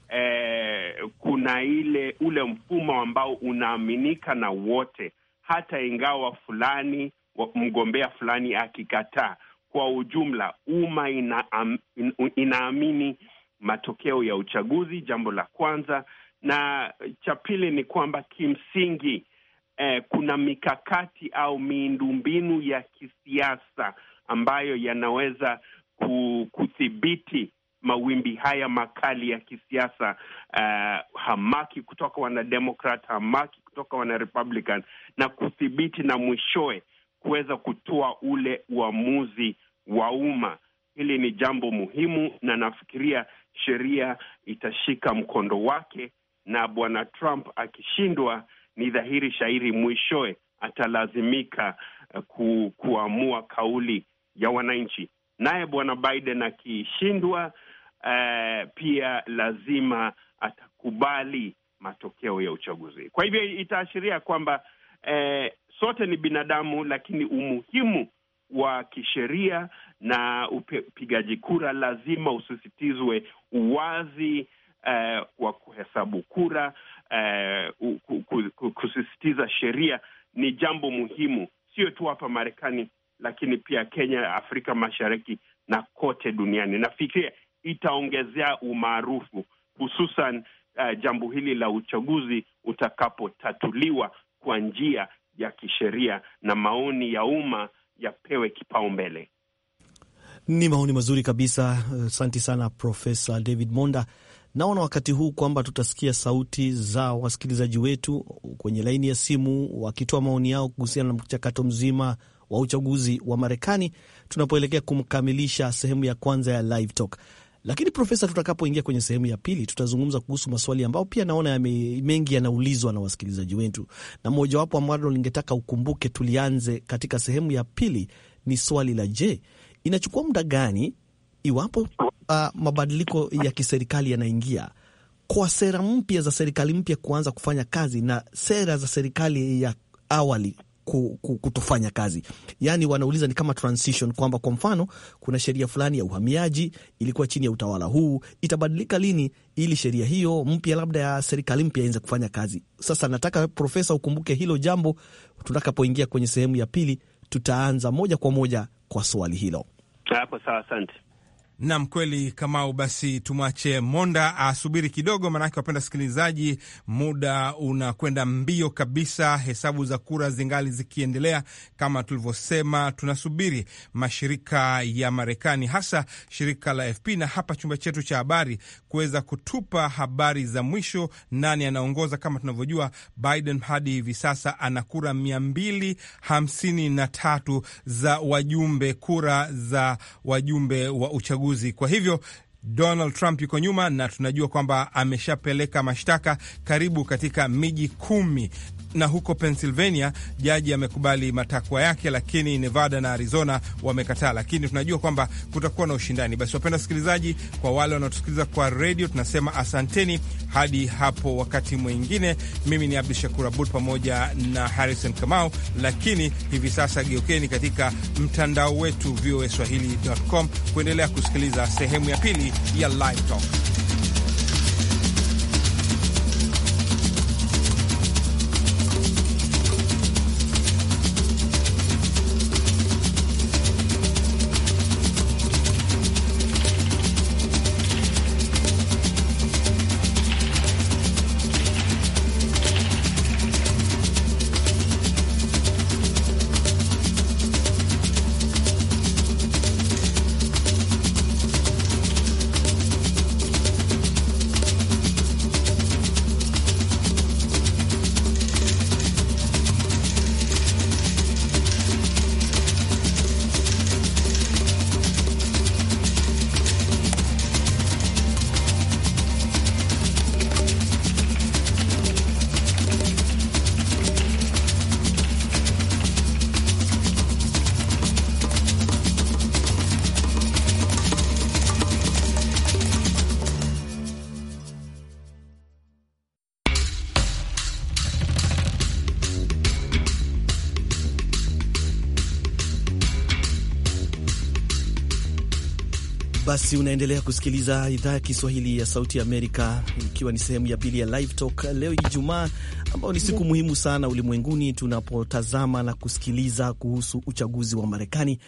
eh, kuna ile ule mfumo ambao unaaminika na wote, hata ingawa fulani mgombea fulani akikataa kwa ujumla umma ina, um, inaamini matokeo ya uchaguzi, jambo la kwanza, na cha pili ni kwamba kimsingi eh, kuna mikakati au miundumbinu ya kisiasa ambayo yanaweza kudhibiti mawimbi haya makali ya kisiasa uh, hamaki kutoka wanademokrat, hamaki kutoka wanarepublican na kudhibiti na mwishoe kuweza kutoa ule uamuzi wa umma. Hili ni jambo muhimu, na nafikiria sheria itashika mkondo wake, na bwana Trump akishindwa, ni dhahiri shairi mwishowe atalazimika eh, ku, kuamua kauli ya wananchi. Naye bwana Biden akishindwa, uh, pia lazima atakubali matokeo ya uchaguzi. Kwa hivyo itaashiria kwamba eh, sote ni binadamu, lakini umuhimu wa kisheria na upigaji kura lazima usisitizwe, uwazi uh, wa kuhesabu kura uh, kusisitiza sheria ni jambo muhimu, sio tu hapa Marekani, lakini pia Kenya, Afrika Mashariki na kote duniani. Nafikiria itaongezea umaarufu hususan uh, jambo hili la uchaguzi utakapotatuliwa kwa njia ya kisheria na maoni ya umma yapewe kipaumbele. Ni maoni mazuri kabisa, asante sana Profesa David Monda. Naona wakati huu kwamba tutasikia sauti za wasikilizaji wetu kwenye laini ya simu wakitoa maoni yao kuhusiana na mchakato mzima wa uchaguzi wa Marekani tunapoelekea kumkamilisha sehemu ya kwanza ya Live Talk. Lakini Profesa, tutakapoingia kwenye sehemu ya pili, tutazungumza kuhusu maswali ambayo pia naona ya mengi yanaulizwa na wasikilizaji wetu, na mojawapo ambalo lingetaka ukumbuke tulianze katika sehemu ya pili ni swali la je, inachukua muda gani iwapo uh, mabadiliko ya kiserikali yanaingia kwa sera mpya za serikali mpya kuanza kufanya kazi na sera za serikali ya awali kutofanya kazi. Yani wanauliza ni kama transition, kwamba kwa mfano kuna sheria fulani ya uhamiaji ilikuwa chini ya utawala huu, itabadilika lini ili sheria hiyo mpya labda ya serikali mpya ianze kufanya kazi. Sasa nataka profesa ukumbuke hilo jambo tutakapoingia kwenye sehemu ya pili, tutaanza moja kwa moja kwa swali hilo hapo. Sawa, asante nam kweli Kamau, basi tumwache Monda asubiri kidogo, maanake wapenda sikilizaji, muda unakwenda mbio kabisa. Hesabu za kura zingali zikiendelea, kama tulivyosema, tunasubiri mashirika ya Marekani, hasa shirika la FP na hapa chumba chetu cha habari kuweza kutupa habari za mwisho, nani anaongoza. Kama tunavyojua, Biden hadi hivi sasa ana kura mia mbili hamsini na tatu za wajumbe, kura za wajumbe wa uchaguzi uchaguzi. Kwa hivyo Donald Trump yuko nyuma na tunajua kwamba ameshapeleka mashtaka karibu katika miji kumi na huko Pennsylvania jaji amekubali matakwa yake, lakini Nevada na Arizona wamekataa, lakini tunajua kwamba kutakuwa na ushindani. Basi wapenda wasikilizaji, kwa wale wanaotusikiliza kwa redio, tunasema asanteni hadi hapo wakati mwingine. Mimi ni Abdu Shakur Abud pamoja na Harrison Kamau, lakini hivi sasa geukeni katika mtandao wetu voa swahili.com kuendelea kusikiliza sehemu ya pili ya Live Talk. Basi unaendelea kusikiliza idhaa ya Kiswahili ya Sauti Amerika, ikiwa ni sehemu ya pili ya Live Talk leo Ijumaa, ambao ni siku muhimu sana ulimwenguni tunapotazama na kusikiliza kuhusu uchaguzi wa Marekani,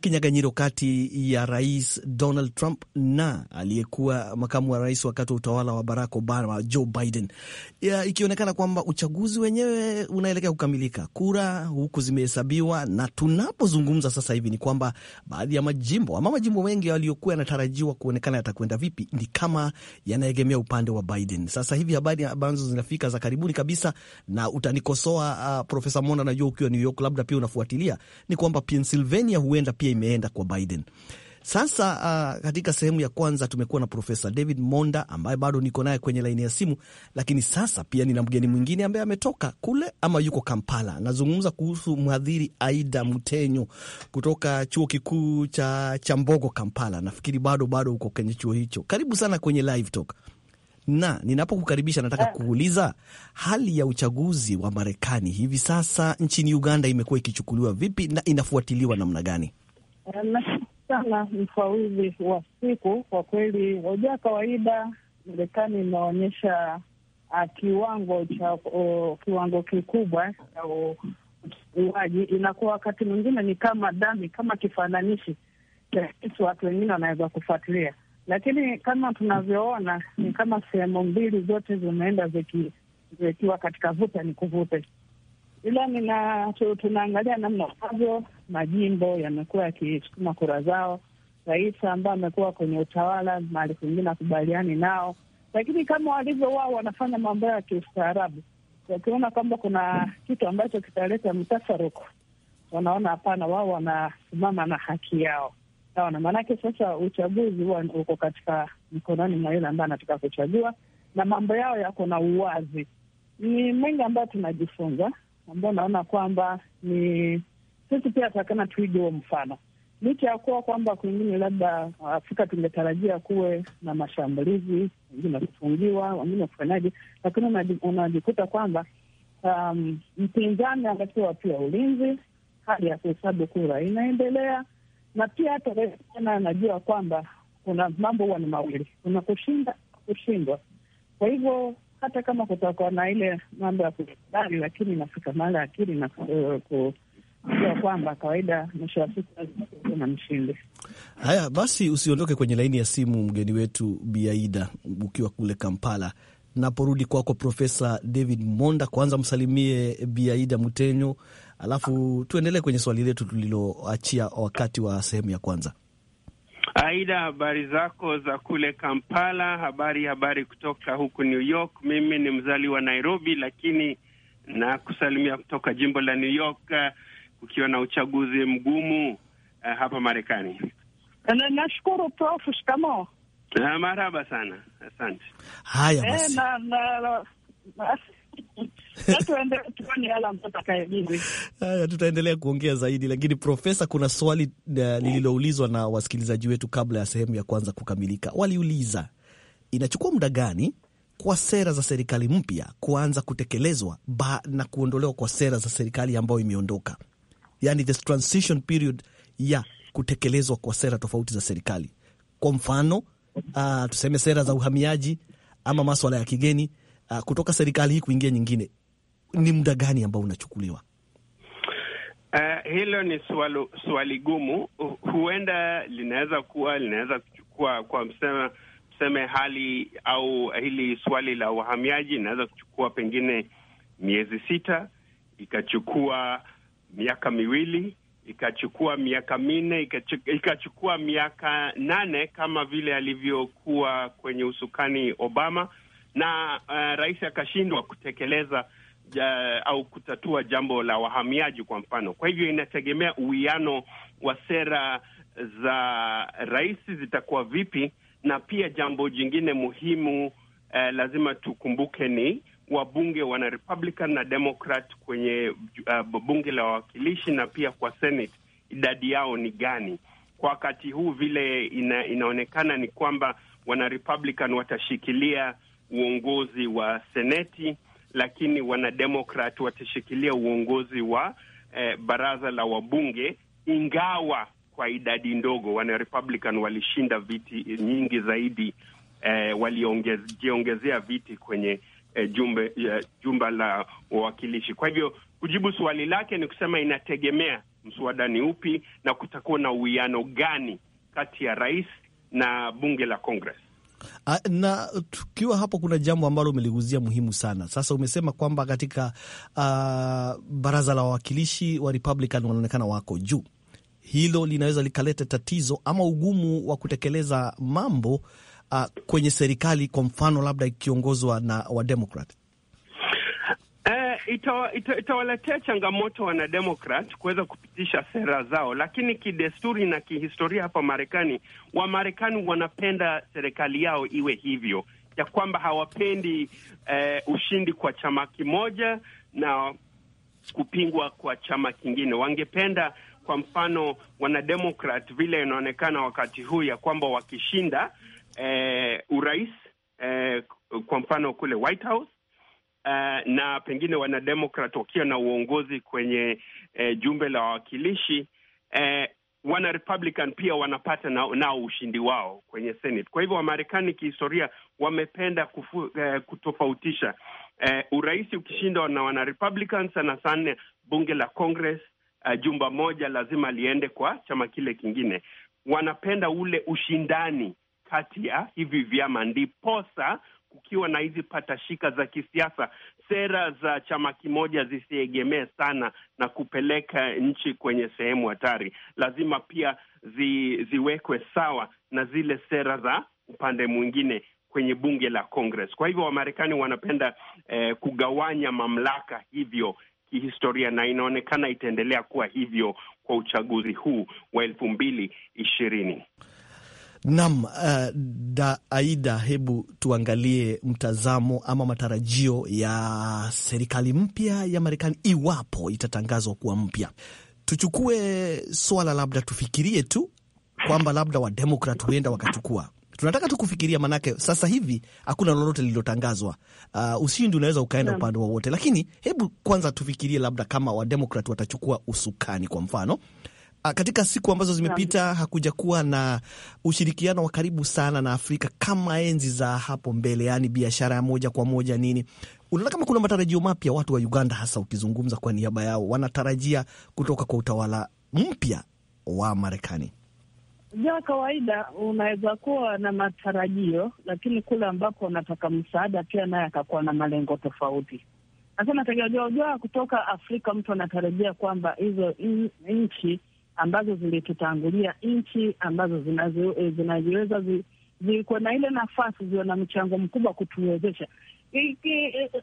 kinyaganyiro kati ya Rais Donald Trump na aliyekuwa makamu wa rais wakati wa utawala wa Barack Obama, Joe Biden, ikionekana kwamba uchaguzi wenyewe unaelekea kukamilika, kura huku zimehesabiwa, na tunapozungumza sasa hivi ni kwamba baadhi ya majimbo ama majimbo mengi yaliyokuwa yanatarajiwa kuonekana yatakwenda vipi ni kama yanaegemea upande wa Biden. Sasa hivi habari ambazo zinafika za karibuni kabisa na utanikosoa uh, Profesa Monda, najua ukiwa New York labda pia unafuatilia, ni kwamba Pennsylvania huenda pia imeenda kwa Biden. Sasa uh, katika sehemu ya kwanza tumekuwa na Profesa David Monda ambaye bado niko naye kwenye laini ya simu, lakini sasa pia nina mgeni mwingine ambaye ametoka kule ama yuko Kampala. Nazungumza kuhusu mhadhiri Aida Mtenyo kutoka chuo kikuu cha Chambogo Kampala. Nafikiri bado bado uko kwenye chuo hicho. Karibu sana kwenye Live Talk na ninapokukaribisha nataka eh. kuuliza hali ya uchaguzi wa Marekani hivi sasa nchini Uganda imekuwa ikichukuliwa vipi na inafuatiliwa namna gani? Eh, nashukuru sana wa siku. Kwa kweli, wajua kawaida Marekani imeonyesha ah, kiwango cha kiwango kikubwa cha uchaguaji. Inakuwa wakati mwingine ni kama dami, kama kifananishi cha kitu watu wengine wanaweza kufuatilia lakini kama tunavyoona ni kama sehemu mbili zote zimeenda zikiwa katika vuta ni kuvute, ila nina tunaangalia namna ambavyo majimbo yamekuwa yakisukuma kura zao. Rais ambaye amekuwa kwenye utawala mahali kwingine akubaliani nao, lakini kama walivyo wao wanafanya mambo yao ya kiustaarabu, wakiona kwamba kuna kitu ambacho kitaleta mtafaruku, wanaona hapana, wao wanasimama na haki yao. Naona maanake sasa uchaguzi huwa uko katika mkononi mwa yule ambaye anataka kuchagua, na mambo yao yako na uwazi. Ni mengi ambayo tunajifunza, ambao naona kwamba ni sisi pia takana tuige huo mfano, licha ya kuwa kwamba kwingine labda Afrika tungetarajia kuwe na mashambulizi, wengine wakifungiwa wengine wakufanyaji lakini unajikuta kwamba um, mpinzani anapewa pia ulinzi, hali ya kuhesabu kura inaendelea na pia hata tena anajua kwamba kuna mambo huwa ni mawili, kuna kushinda kushindwa. Kwa hivyo hata kama kutakuwa na ile mambo ya kukubali, lakini inafika mahala akili na uh, eh, kujua kwamba kawaida mwisho wa siku lazima mshindi. Haya basi, usiondoke kwenye laini ya simu, mgeni wetu Biaida, ukiwa kule Kampala. Naporudi kwako Profesa David Monda, kwanza msalimie Biaida Mutenyo alafu tuendelee kwenye swali letu tuliloachia wakati wa sehemu ya kwanza. Aida, habari zako za kule Kampala? Habari, habari kutoka huku New York. Mimi ni mzali wa Nairobi, lakini na kusalimia kutoka jimbo la New York, eh, kukiwa na uchaguzi mgumu uh, hapa Marekani. Nashukuru Prof. Shikamoo. Ah, marhaba sana, asante. Haya eh, basi. E, na, na, na, Haya, tutaendelea kuongea zaidi, lakini Profesa, kuna swali eh, lililoulizwa na wasikilizaji wetu kabla ya sehemu ya kwanza kukamilika. Waliuliza, inachukua muda gani kwa sera za serikali mpya kuanza kutekelezwa na kuondolewa kwa sera za serikali ambayo imeondoka, yani this transition period ya kutekelezwa kwa sera tofauti za serikali. Kwa mfano uh, tuseme sera za uhamiaji ama maswala ya kigeni uh, kutoka serikali hii kuingia nyingine, ni muda gani ambao unachukuliwa? Uh, hilo ni swali, swali gumu. Huenda linaweza kuwa linaweza kuchukua kwa msema, mseme hali au hili swali la uhamiaji linaweza kuchukua pengine miezi sita, ikachukua miaka miwili, ikachukua miaka minne, ikachukua miaka nane kama vile alivyokuwa kwenye usukani Obama, na uh, rais akashindwa kutekeleza ja, au kutatua jambo la wahamiaji kwa mfano. Kwa hivyo inategemea uwiano wa sera za rais zitakuwa vipi, na pia jambo jingine muhimu eh, lazima tukumbuke ni wabunge wana Republican na Democrat kwenye uh, bunge la wawakilishi na pia kwa Senate, idadi yao ni gani? Kwa wakati huu vile ina, inaonekana ni kwamba wana Republican watashikilia uongozi wa seneti lakini wanademokrat watashikilia uongozi wa eh, baraza la wabunge, ingawa kwa idadi ndogo. Wanarepublican walishinda viti nyingi zaidi, eh, waliojiongezea viti kwenye eh, jumbe, eh, jumba la wawakilishi. Kwa hivyo kujibu suali lake ni kusema inategemea mswada ni upi na kutakuwa na uwiano gani kati ya rais na bunge la Congress. Ah, na tukiwa hapo, kuna jambo ambalo umeliguzia muhimu sana. Sasa umesema kwamba katika uh, baraza la wawakilishi wa Republican wanaonekana wako juu, hilo linaweza likaleta tatizo ama ugumu wa kutekeleza mambo uh, kwenye serikali, kwa mfano labda ikiongozwa na Wademokrat itawaletea ita, changamoto wanademokrat kuweza kupitisha sera zao, lakini kidesturi na kihistoria hapa Marekani, Wamarekani wanapenda serikali yao iwe hivyo ya kwamba hawapendi eh, ushindi kwa chama kimoja na kupingwa kwa chama kingine. Wangependa kwa mfano wanademokrat, vile inaonekana wakati huu ya kwamba wakishinda eh, urais eh, kwa mfano kule White House uh, na pengine wanademokrat wakiwa na uongozi kwenye uh, jumbe la wawakilishi uh, wana Republican pia wanapata nao na ushindi wao kwenye Senate. Kwa hivyo Wamarekani kihistoria wamependa kufu, uh, kutofautisha uh, urahisi ukishindwa na wana sana sana bunge la Congress uh, jumba moja lazima liende kwa chama kile kingine. Wanapenda ule ushindani kati ya hivi vyama, ndiposa kukiwa na hizi patashika za kisiasa, sera za chama kimoja zisiegemee sana na kupeleka nchi kwenye sehemu hatari. Lazima pia zi, ziwekwe sawa na zile sera za upande mwingine kwenye bunge la Congress. Kwa hivyo Wamarekani wanapenda eh, kugawanya mamlaka hivyo kihistoria, na inaonekana itaendelea kuwa hivyo kwa uchaguzi huu wa elfu mbili ishirini nam uh, da Aida, hebu tuangalie mtazamo ama matarajio ya serikali mpya ya Marekani iwapo itatangazwa kuwa mpya. Tuchukue swala labda, tufikirie tu kwamba labda Wademokrat huenda wakachukua tunataka tu kufikiria, manake sasa hivi hakuna lolote lililotangazwa. Uh, ushindi unaweza ukaenda upande wowote, lakini hebu kwanza tufikirie labda kama wademokrat watachukua usukani, kwa mfano Ah, katika siku ambazo zimepita hakuja kuwa na ushirikiano wa karibu sana na Afrika kama enzi za hapo mbele, yaani biashara ya moja kwa moja nini. Unaona kama kuna matarajio mapya watu wa Uganda, hasa ukizungumza kwa niaba yao, wanatarajia kutoka kwa utawala mpya wa Marekani? Ja, kawaida unaweza kuwa na matarajio, lakini kule ambapo unataka msaada pia naye akakuwa na malengo tofauti. Hasa matarajio kutoka Afrika, mtu anatarajia kwamba hizo nchi in, ambazo zilitutangulia, nchi ambazo eh, zinajiweza zi, na ile nafasi, ziwe na mchango mkubwa kutuwezesha.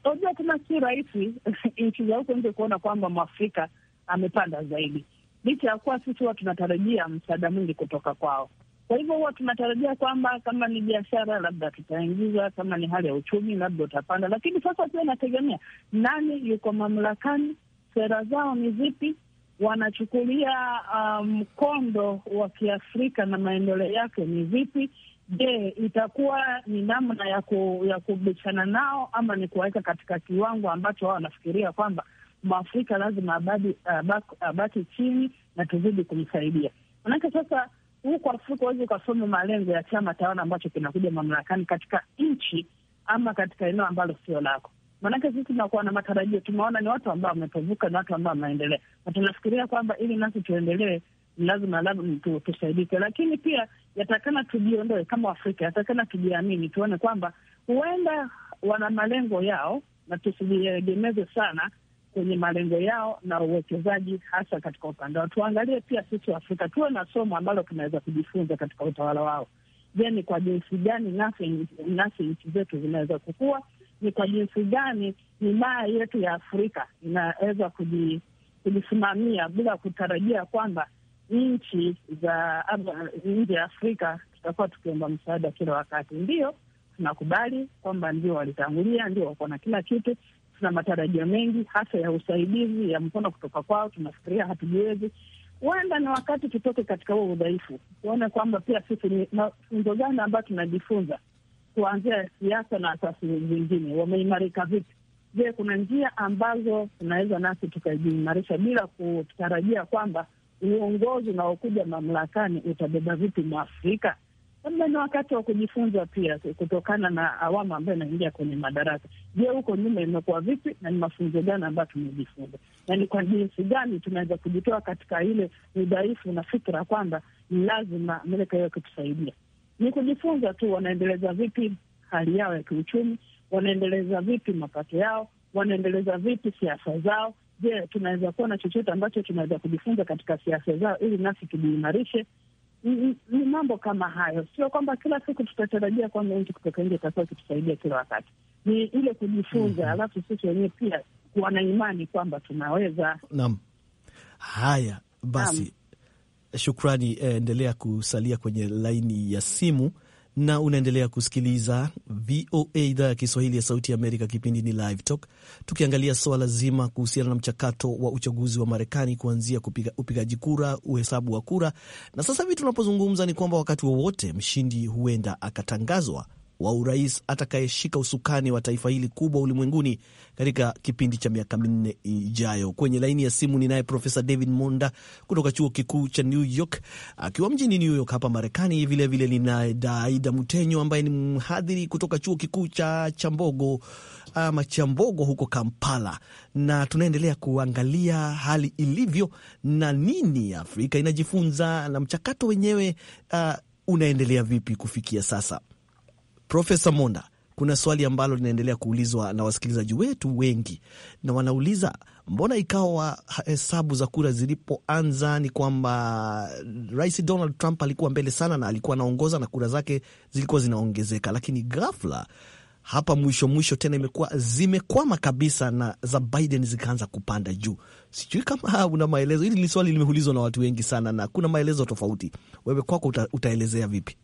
Unajua, tena si rahisi nchi za huko nje kuona kwamba mwafrika amepanda zaidi, licha ya kuwa sisi huwa tunatarajia msaada mwingi kutoka kwao. Kwa hivyo huwa tunatarajia kwamba kama ni biashara, labda tutaingiza, kama ni hali ya uchumi, labda utapanda. Lakini sasa pia inategemea nani yuko mamlakani, sera zao ni zipi, wanachukulia uh, mkondo um, wa Kiafrika na maendeleo yake ni vipi? Je, itakuwa ni namna ya, ku, ya kubishana nao ama ni kuwaweka katika kiwango ambacho wao wanafikiria kwamba Mwafrika lazima abaki, abak, abaki chini na tuzidi kumsaidia? Manake sasa huku Afrika huwezi ukasoma malengo ya chama tawala ambacho kinakuja mamlakani katika nchi ama katika eneo ambalo sio lako. Maanake sisi tunakuwa na matarajio, tumeona ni watu ambao wamepevuka, ni watu ambao wameendelea, na tunafikiria kwamba ili nasi tuendelee lazima labda tusaidike, lakini pia yatakana tujiondoe kama Afrika, yatakana tujiamini, tuone kwamba huenda wana malengo yao na tusijiegemeze sana kwenye malengo yao na uwekezaji hasa katika upande wao. Tuangalie pia sisi Afrika, tuwe na somo ambalo tunaweza kujifunza katika utawala wao. Je, ni kwa jinsi gani nasi nchi zetu zinaweza kukua ni kwa jinsi gani mimaa yetu ya Afrika inaweza kujisimamia bila kutarajia kwamba nchi za nje ya Afrika tutakuwa tukiomba msaada kila wakati. Ndio tunakubali kwamba ndio walitangulia, ndio wako na kila kitu. Tuna matarajio mengi hasa ya usaidizi ya mkono kutoka kwao, tunafikiria hatujiwezi. Huenda ni wakati tutoke katika huo udhaifu, tuone kwamba pia sisi ni mafunzo gani ambayo tunajifunza kuanzia siasa na asasi zingine, wameimarika vipi? Je, kuna njia ambazo tunaweza nasi tukajiimarisha bila kutarajia kwamba uongozi unaokuja mamlakani utabeba vipi Mwafrika? Labda ni wakati wa kujifunza pia kutokana na awamu ambayo inaingia kwenye madaraka. Je, huko nyuma imekuwa vipi na ni mafunzo gani ambayo tumejifunza, na ni kwa jinsi gani tunaweza kujitoa katika ile udhaifu na fikira kwamba ni lazima Amerika hiyo kutusaidia? ni kujifunza tu, wanaendeleza vipi hali yao ya kiuchumi, wanaendeleza vipi mapato yao, wanaendeleza vipi siasa zao. Je, tunaweza kuwa na chochote ambacho tunaweza kujifunza katika siasa zao ili nasi tujiimarishe? Ni mambo kama hayo, sio kwamba kila siku tutatarajia kwamba nchi kutoka nje itakuwa ikitusaidia kila wakati. Ni ile kujifunza, mhm. alafu mm -hmm. sisi wenyewe pia kuwa na imani kwamba tunaweza. Naam, haya basi Am. Shukrani, eh, endelea kusalia kwenye laini ya simu na unaendelea kusikiliza VOA idhaa ya Kiswahili ya Sauti ya Amerika. Kipindi ni Live Talk, tukiangalia swala zima kuhusiana na mchakato wa uchaguzi wa Marekani, kuanzia upigaji kura, uhesabu wa kura, na sasa hivi tunapozungumza ni kwamba wakati wowote mshindi huenda akatangazwa wa urais atakayeshika usukani wa taifa hili kubwa ulimwenguni katika kipindi cha miaka minne ijayo. Kwenye laini ya simu ninaye Profesa David Monda kutoka chuo kikuu cha New York akiwa mjini New York hapa Marekani. Vilevile ninaye Daida Mutenyo ambaye ni mhadhiri kutoka chuo kikuu cha Chambogo ama Chambogo huko Kampala, na tunaendelea kuangalia hali ilivyo na nini Afrika inajifunza na mchakato wenyewe uh, unaendelea vipi kufikia sasa. Profesa Monda, kuna swali ambalo linaendelea kuulizwa na wasikilizaji wetu wengi, na wanauliza mbona ikawa hesabu za kura zilipoanza ni kwamba Rais Donald Trump alikuwa mbele sana na alikuwa anaongoza na kura zake zilikuwa zinaongezeka, lakini ghafla hapa mwisho mwisho tena imekuwa zimekwama kabisa na za Biden zikaanza kupanda juu. Sijui kama una maelezo hili, swali limeulizwa na watu wengi sana na kuna maelezo tofauti. Wewe kwako utaelezea vipi?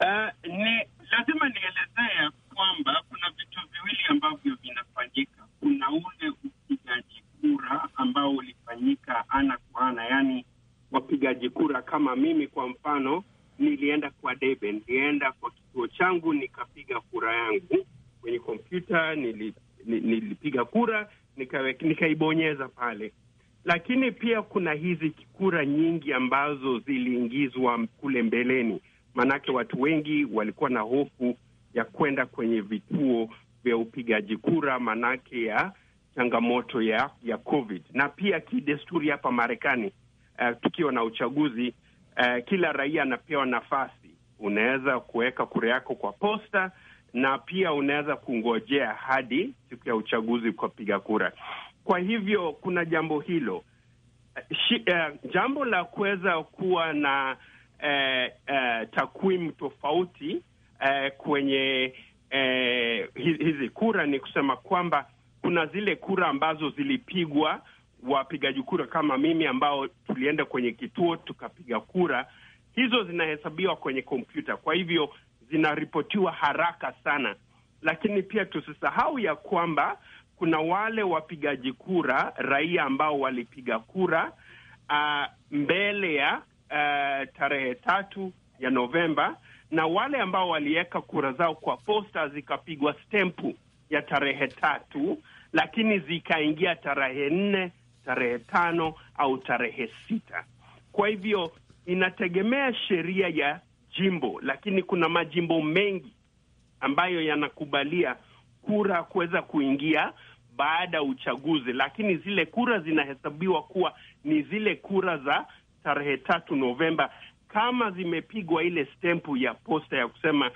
Uh, ni lazima nielezee kwamba kuna vitu viwili ambavyo vinafanyika. Kuna ule upigaji kura ambao ulifanyika ana kwa ana, yaani wapigaji kura kama mimi kwa mfano, nilienda kwa debe, nilienda kwa kituo changu nikapiga kura yangu kwenye kompyuta, nili, nilipiga kura nikaibonyeza nika pale lakini pia kuna hizi kura nyingi ambazo ziliingizwa kule mbeleni maanake watu wengi walikuwa na hofu ya kwenda kwenye vituo vya upigaji kura, maanake ya changamoto ya ya COVID. Na pia kidesturi hapa Marekani, uh, tukiwa na uchaguzi uh, kila raia anapewa nafasi. Unaweza kuweka kura yako kwa posta na pia unaweza kungojea hadi siku ya uchaguzi kwapiga kura. Kwa hivyo kuna jambo hilo. Eh, shi, uh, jambo la kuweza kuwa na eh, eh, takwimu tofauti eh, kwenye eh, hizi kura, ni kusema kwamba kuna zile kura ambazo zilipigwa wapigaji kura kama mimi ambao tulienda kwenye kituo tukapiga kura, hizo zinahesabiwa kwenye kompyuta, kwa hivyo zinaripotiwa haraka sana. Lakini pia tusisahau ya kwamba kuna wale wapigaji kura raia ambao walipiga kura uh, mbele ya uh, tarehe tatu ya Novemba na wale ambao waliweka kura zao kwa posta zikapigwa stempu ya tarehe tatu, lakini zikaingia tarehe nne, tarehe tano au tarehe sita. Kwa hivyo inategemea sheria ya jimbo, lakini kuna majimbo mengi ambayo yanakubalia kura kuweza kuingia baada ya uchaguzi, lakini zile kura zinahesabiwa kuwa ni zile kura za tarehe tatu Novemba kama zimepigwa ile stempu ya posta ya kusema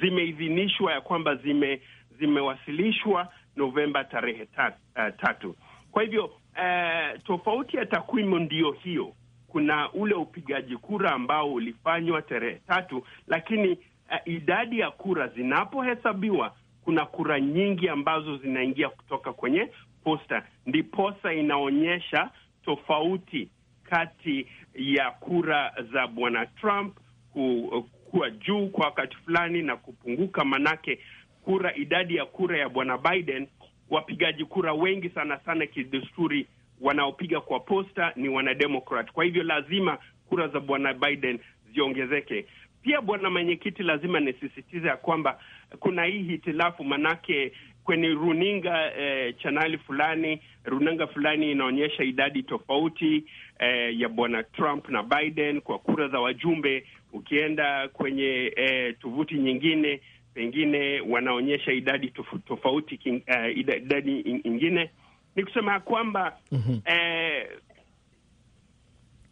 zimeidhinishwa ya kwamba zime zimewasilishwa Novemba tarehe tatu, uh, eh, tatu. Kwa hivyo uh, tofauti ya takwimu ndiyo hiyo. Kuna ule upigaji kura ambao ulifanywa tarehe tatu, lakini uh, idadi ya kura zinapohesabiwa kuna kura nyingi ambazo zinaingia kutoka kwenye posta, ndiposa inaonyesha tofauti kati ya kura za bwana Trump ku, kuwa juu kwa wakati fulani na kupunguka, manake kura, idadi ya kura ya bwana Biden, wapigaji kura wengi sana sana kidesturi wanaopiga kwa posta ni wanademokrat. Kwa hivyo lazima kura za bwana Biden ziongezeke. Pia bwana mwenyekiti, lazima nisisitize ya kwamba kuna hii hitilafu manake kwenye runinga eh, chanali fulani runinga fulani inaonyesha idadi tofauti eh, ya bwana Trump na Biden kwa kura za wajumbe. Ukienda kwenye eh, tovuti nyingine, pengine wanaonyesha idadi tof tofauti king, eh, idadi nyingine. Ni kusema ya kwamba mm -hmm. eh,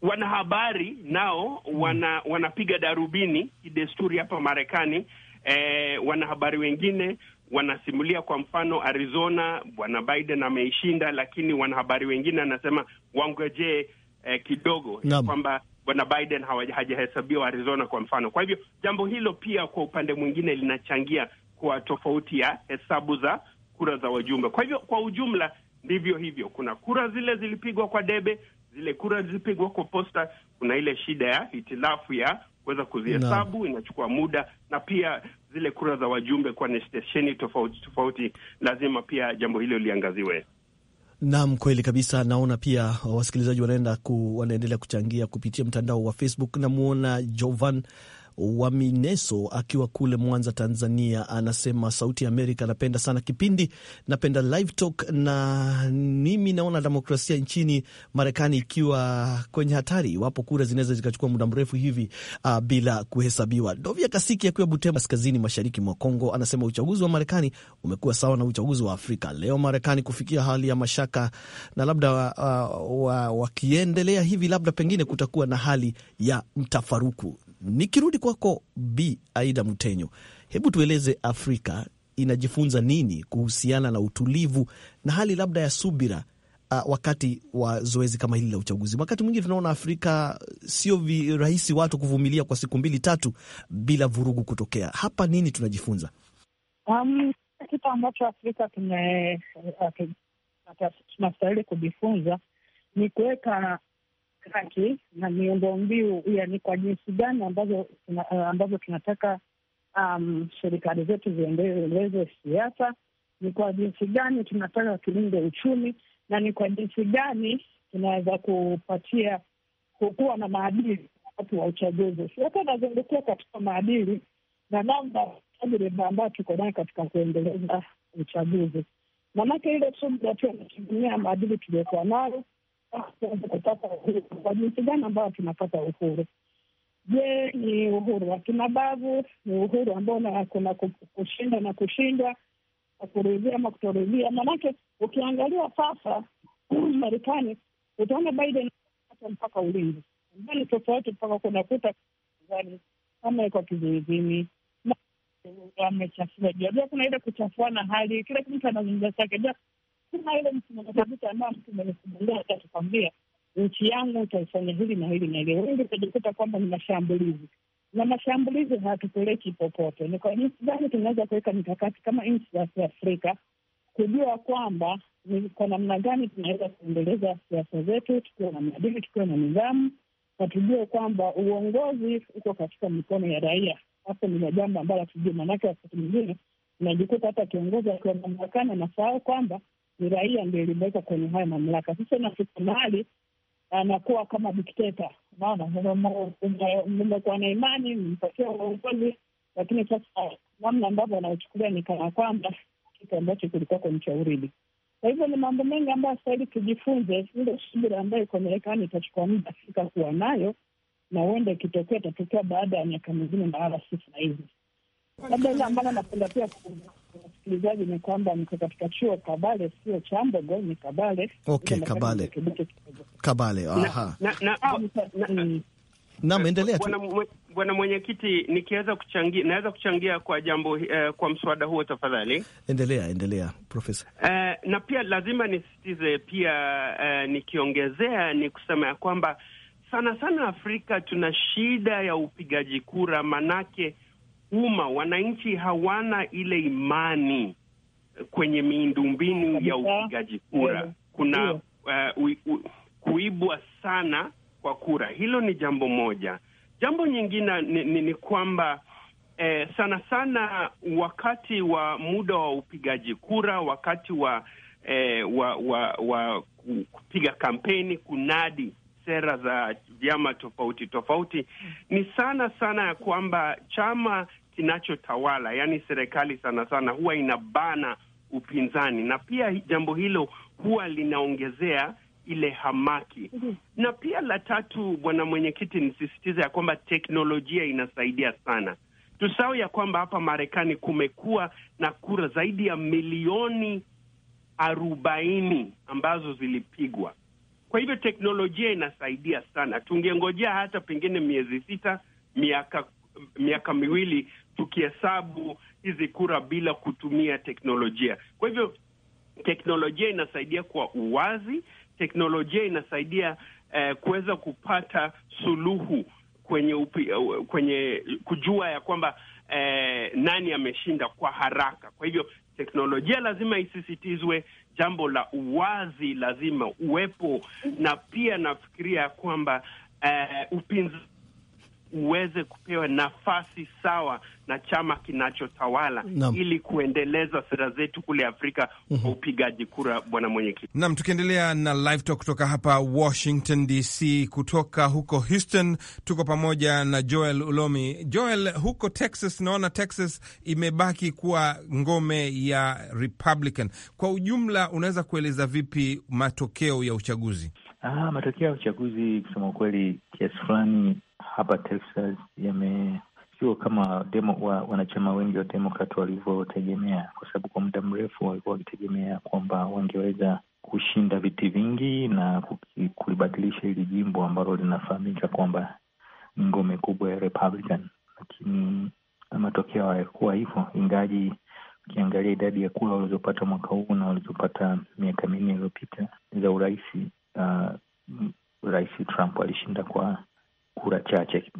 wanahabari nao wana, wanapiga darubini kidesturi hapa Marekani. Eh, wanahabari wengine wanasimulia kwa mfano Arizona, bwana Biden ameishinda, lakini wanahabari wengine anasema wangojee eh, kidogo kwamba bwana Biden hajahesabiwa Arizona kwa mfano. Kwa hivyo jambo hilo pia kwa upande mwingine linachangia kwa tofauti ya hesabu za kura za wajumbe. Kwa hivyo kwa ujumla ndivyo hivyo, kuna kura zile zilipigwa kwa debe, zile kura zilipigwa kwa posta, kuna ile shida ya hitilafu ya kuweza kuzihesabu, inachukua muda na pia zile kura za wajumbe kwa stesheni tofauti tofauti, lazima pia jambo hilo liangaziwe. Naam, kweli kabisa. Naona pia wasikilizaji wanaenda ku, wanaendelea kuchangia kupitia mtandao wa Facebook. Namwona Jovan wa Mineso akiwa kule Mwanza, Tanzania, anasema Sauti Amerika, napenda sana kipindi, napenda live talk, na mimi naona demokrasia nchini Marekani ikiwa kwenye hatari iwapo kura zinaweza zikachukua muda mrefu hivi uh, bila kuhesabiwa. Dovya Kasiki akiwa Butembo, kaskazini mashariki mwa Kongo, anasema uchaguzi wa Marekani umekuwa sawa na uchaguzi wa Afrika leo. Marekani kufikia hali ya mashaka na labda ah, wakiendelea wa, wa, wa hivi labda pengine kutakuwa na hali ya mtafaruku. Nikirudi kwako b Aida mtenyo hebu tueleze Afrika inajifunza nini kuhusiana na utulivu na hali labda ya subira uh, wakati wa zoezi kama hili la uchaguzi. Wakati mwingi tunaona Afrika sio virahisi watu kuvumilia kwa siku mbili tatu bila vurugu kutokea. Hapa nini tunajifunza? Um, kitu ambacho Afrika uh, tunastahili kujifunza ni kuweka haki na miundo mbiu ya ni kwa jinsi gani ambazo, eh, ambazo tunataka um, serikali zetu ziendeleze siasa, ni kwa jinsi gani tunataka tulinde uchumi, na ni kwa jinsi gani tunaweza kupatia kukuwa na maadili wakati wa uchaguzi. Siasa inazungukia katika maadili na namna tajriba ambayo tuko nayo katika kuendeleza uchaguzi, manake ile tu mda tu maadili tuliokuwa nayo tuweze kupata uhuru. Kwa jinsi gani ambayo tunapata uhuru? Je, ni uhuru wa kimabavu? Ni uhuru ambao kuna kushinda na kushindwa na kuridhia ama kutoridhia? Maanake ukiangalia sasa Marekani utaona Biden mpaka ulinzi mbali tofauti, mpaka ani kama iko kizuizini amechafuajua kuna ile kuchafuana hali, kila mtu anazungumza chake sema ile mtu ambaye mtu mwenye kumungaa nchi yangu utaifanya hili na hili na hili, wengi utajikuta kwamba ni mashambulizi na mashambulizi hatupeleki popote. Ni kwa jinsi gani tunaweza kuweka mikakati kama nchi za Afrika kujua kwamba ni kwa namna gani tunaweza kuendeleza siasa zetu tukiwa na maadili, tukiwa na nidhamu, na tujue kwamba uongozi uko katika mikono ya raia. Hapo ni jambo ambalo hatujui, maanake wakati mwingine unajikuta hata kiongozi akiwa mamlakani anasahau kwamba ni raia ndio limewekwa kwenye haya mamlaka. Sasa nafika mahali anakuwa kama dikteta, unaona, mmekuwa na imani mpatia uongozi, lakini sasa namna ambavyo anaochukulia ni kana kwamba kitu ambacho kilikuwa kwenye cha uridi. Kwa hivyo ni mambo mengi ambayo astahili tujifunze. Ile subira ambayo iko Marekani itachukua muda fika kuwa nayo, na huenda ikitokea itatokea baada ya miaka mingine, mahala si saa Labda ile ambalo napenda pia msikilizaji ni kwamba niko katika chuo Kabale, sio Chambogo, ni Kabale. Okay, Kabale, Kabale. Aha, endelea tu Bwana Mwenyekiti, nikiweza kuchangia, naweza kuchangia kwa jambo uh, kwa mswada huo tafadhali. Endelea, endelea Profesa. Uh, na pia lazima nisitize pia, uh, nikiongezea ni kusema ya kwamba sana sana Afrika tuna shida ya upigaji kura manake umma, wananchi hawana ile imani kwenye miundombinu ya upigaji kura. Kuna uh, kuibwa sana kwa kura, hilo ni jambo moja. Jambo nyingine ni, ni, ni kwamba eh, sana sana wakati wa muda wa upigaji kura, wakati wa eh, wa, wa, wa kupiga kampeni, kunadi sera za vyama tofauti tofauti, ni sana sana ya kwamba chama kinachotawala, yaani serikali sana sana huwa inabana upinzani, na pia jambo hilo huwa linaongezea ile hamaki mm -hmm. Na pia la tatu, bwana mwenyekiti, nisisitiza ya kwamba teknolojia inasaidia sana. Tusahau ya kwamba hapa Marekani kumekuwa na kura zaidi ya milioni arobaini ambazo zilipigwa. Kwa hivyo teknolojia inasaidia sana. Tungengojea hata pengine miezi sita, miaka miaka miwili, tukihesabu hizi kura bila kutumia teknolojia. Kwa hivyo teknolojia inasaidia kwa uwazi, teknolojia inasaidia eh, kuweza kupata suluhu kwenye upi, kwenye kujua ya kwamba eh, nani ameshinda kwa haraka. Kwa hivyo teknolojia lazima isisitizwe, jambo la uwazi lazima uwepo, na pia nafikiria kwamba eh, upinzani uweze kupewa nafasi sawa na chama kinachotawala Naam. ili kuendeleza sera zetu kule Afrika kwa mm -hmm. upigaji kura, bwana mwenyekiti. Nam, tukiendelea na live talk kutoka hapa Washington DC, kutoka huko Houston tuko pamoja na Joel Ulomi. Joel, huko Texas, naona Texas imebaki kuwa ngome ya Republican. Kwa ujumla, unaweza kueleza vipi matokeo ya uchaguzi? Ah, matokeo ya uchaguzi kusema ukweli, kiasi fulani hapa Texas yame sio kama demo, wa, wanachama wengi wa Demokrat walivyotegemea, kwa sababu kwa muda mrefu walikuwa wakitegemea kwamba wangeweza kushinda viti vingi na kulibadilisha hili jimbo ambalo linafahamika kwamba ngome kubwa ya Republican, lakini matokeo hayakuwa hivyo, ingaji ukiangalia idadi ya kura walizopata mwaka huu na walizopata miaka minne iliyopita za urahisi uh, Rais Trump alishinda kwa kura chache,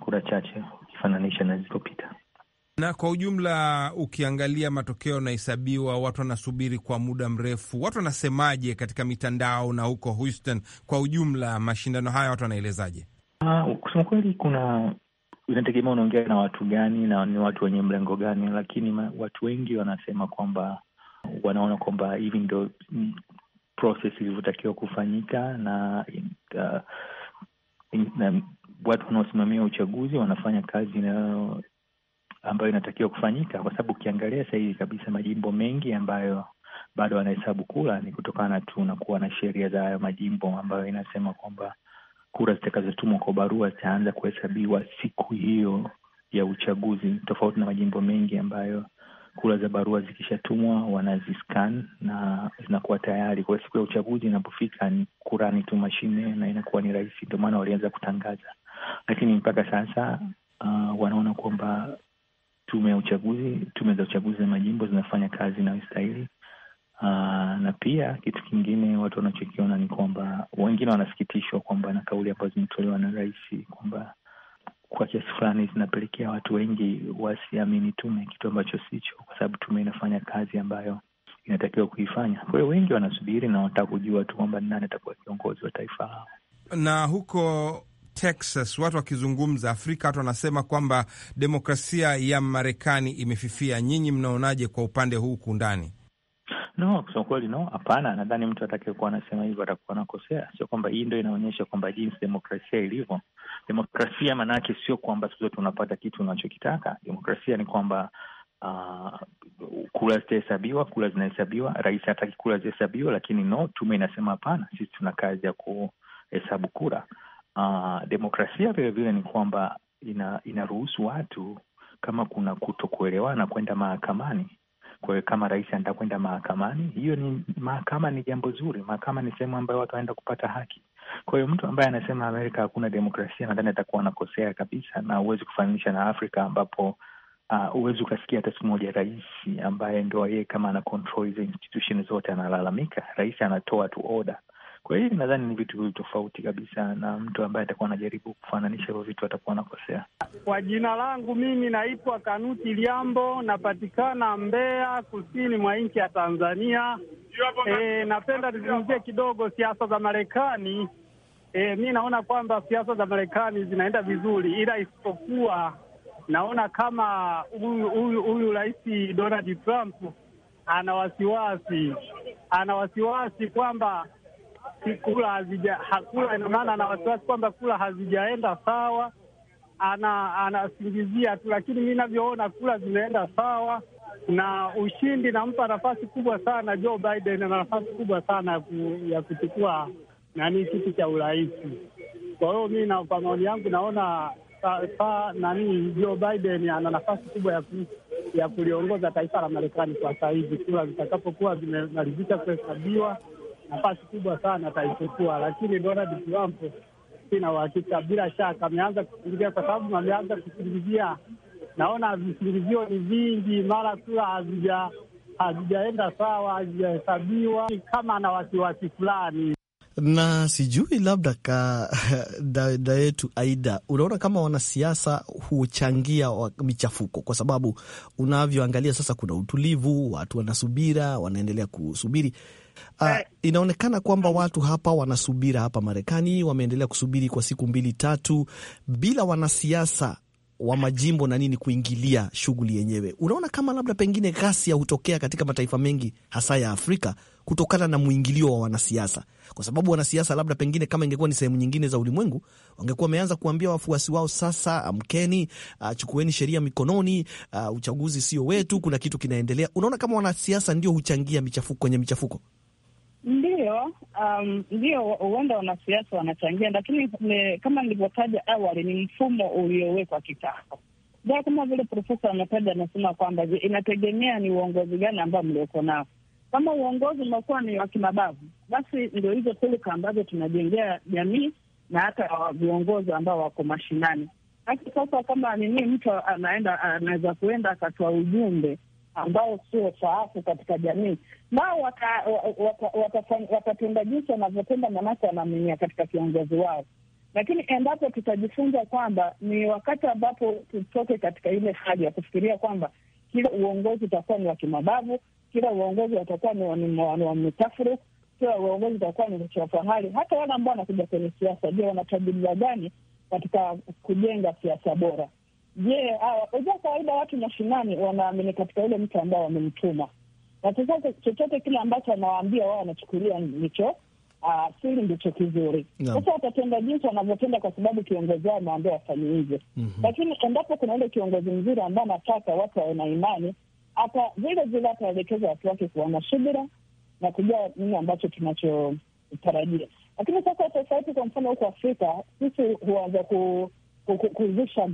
kura chache ukifananisha na zilizopita. Na kwa ujumla, ukiangalia matokeo yanahesabiwa, watu wanasubiri kwa muda mrefu. Watu wanasemaje katika mitandao na huko Houston kwa ujumla, mashindano haya watu wanaelezaje? Ah, kusema kweli, kuna inategemea unaongea na watu gani na ni watu wenye mlengo gani, lakini watu wengi wanasema kwamba wanaona kwamba hivi ndo process ilivyotakiwa kufanyika na uh, na watu wanaosimamia uchaguzi wanafanya kazi na ambayo inatakiwa kufanyika, kwa sababu ukiangalia sasa hivi kabisa majimbo mengi ambayo bado wanahesabu kura ni kutokana tu na kuwa na sheria za hayo majimbo ambayo inasema kwamba kura zitakazotumwa kwa barua zitaanza kuhesabiwa siku hiyo ya uchaguzi, tofauti na majimbo mengi ambayo kura za barua zikishatumwa wanaziscan na zinakuwa tayari kwa siku ya uchaguzi. Inapofika ni kurani tu mashine na inakuwa ni rahisi, ndio maana walianza kutangaza, lakini mpaka sasa uh, wanaona kwamba tume ya uchaguzi, tume za uchaguzi za majimbo zinafanya kazi inayostahili. Uh, na pia kitu kingine watu wanachokiona ni kwamba wengine wanasikitishwa kwamba na kauli ambazo zimetolewa na rais kwamba kwa kiasi fulani zinapelekea watu wengi wasiamini tume, kitu ambacho sicho, kwa sababu tume inafanya kazi ambayo inatakiwa kuifanya. Kwa hiyo wengi wanasubiri na wanataka kujua tu kwamba nani atakuwa kiongozi wa taifa lao. Na huko Texas watu wakizungumza Afrika, watu wanasema kwamba demokrasia ya Marekani imefifia. Nyinyi mnaonaje kwa upande huu kundani? No, kusema kweli, no, hapana. Nadhani mtu atakayekuwa anasema hivyo atakuwa anakosea. Sio kwamba hii ndo inaonyesha kwamba jinsi demokrasia ilivyo. Demokrasia maana sio kwamba siku zote unapata kitu unachokitaka. Demokrasia ni kwamba Uh, kura zitahesabiwa, kura zinahesabiwa. Rais hataki kura zihesabiwa, lakini no, tume inasema hapana, sisi tuna kazi ya kuhesabu kura. Uh, demokrasia vilevile ni kwamba ina, inaruhusu watu kama kuna kutokuelewana kwenda mahakamani kwa kama rais atakwenda mahakamani, hiyo ni mahakama, ni jambo zuri. Mahakama ni sehemu ambayo watu waenda kupata haki. Kwa hiyo mtu ambaye anasema Amerika hakuna demokrasia, nadhani atakuwa anakosea kabisa, na huwezi kufananisha na Afrika ambapo ah, huwezi uh, ukasikia hata siku moja rais ambaye ndo yeye kama ana control hizo institution zote analalamika. Rais anatoa tu order kwa hiyo nadhani ni vitu tofauti kabisa, na mtu ambaye atakuwa anajaribu kufananisha hivyo vitu atakuwa anakosea. Kwa jina langu mimi naitwa Kanuti Liambo, napatikana Mbeya, kusini mwa nchi ya Tanzania. E, napenda tuzungumzie kidogo siasa za Marekani. E, mi naona kwamba siasa za Marekani zinaenda vizuri, ila isipokuwa naona kama huyu Rais Donald Trump ana wasiwasi ana wasiwasi kwamba si kula hazija hakula, ina maana ana wasiwasi kwamba kula hazijaenda sawa, ana anasingizia tu, lakini mi navyoona kula zinaenda sawa na ushindi nampa nafasi kubwa sana Joe Biden ana nafasi kubwa sana ku, ya kuchukua nani kiti cha urais. Kwa hiyo mi na kwa maoni yangu naona sa, nani Joe Biden ana nafasi kubwa ya, ku, ya kuliongoza taifa la Marekani kwa sasa hivi, kura zitakapokuwa zimemalizika kuhesabiwa nafasi kubwa sana ataichukua, lakini Donald Trump sina uhakika. Bila shaka ameanza kusingizia, kwa sababu ameanza kusingizia, naona visingizio ni vingi, mara kura hazija hazijaenda sawa, hazijahesabiwa, kama ana wasiwasi fulani na sijui labda ka dada yetu Aida, unaona kama wanasiasa huchangia michafuko, kwa sababu unavyoangalia sasa, kuna utulivu, watu wanasubira, wanaendelea kusubiri Uh, inaonekana kwamba watu hapa wanasubira hapa Marekani, wameendelea kusubiri kwa siku mbili tatu bila wanasiasa wa majimbo na nini kuingilia shughuli yenyewe. Unaona kama labda pengine ghasia hutokea katika mataifa mengi hasa ya Afrika kutokana na mwingilio wa wanasiasa, kwa sababu wanasiasa labda pengine kama ingekuwa ni sehemu nyingine za ulimwengu wangekuwa wameanza kuambia wafuasi wao, sasa amkeni, uh, chukueni sheria mikononi, uh, uchaguzi sio wetu, kuna kitu kinaendelea. Unaona kama wanasiasa ndio huchangia michafuko kwenye michafuko ndio, um, ndio huenda wanasiasa wanachangia, lakini eh, kama nilivyotaja awali ni mfumo uliowekwa kitambo ja, kama vile profesa ametaja, anasema kwamba inategemea ni uongozi gani ambao mlioko nao. Kama uongozi umekuwa ni wa kimabavu, basi ndio hizo tulika ambazo tunajengea jamii na hata viongozi ambao wako mashinani. Lakini sasa kama nini, mtu anaenda anaweza kuenda akatoa ujumbe ambayo sio faafu katika jamii, nao watatenda jinsi wanavyotenda manake wanaaminia katika kiongozi wao. Lakini endapo tutajifunza kwamba ni wakati ambapo tutoke katika ile hali ya kufikiria kwamba kila uongozi utakuwa ni wa kimabavu, kila uongozi watakuwa ni wa mitafuru, kila uongozi utakuwa ni cha fahari. Hata wale ambao wanakuja kwenye siasa, je, wana gani katika kujenga siasa bora? Je, yeah, kawaida watu mashinani wanaamini katika ule mtu ambao wamemtuma, na sasa chochote kile ambacho anawaambia wao wanachukulia ndicho uh, ndicho kizuri. Sasa watatenda jinsi wanavyotenda, kwa sababu kiongozi wao amewambia wafanye hivyo mm -hmm. Lakini endapo kuna ule kiongozi mzuri ambaye anataka watu wawe na imani, hata vile vile ataelekeza watu wake kuwa na subira na kujua nini ambacho tunachotarajia. Lakini sasa tofauti, kwa mfano huko Afrika sisi huanza ku kuzusha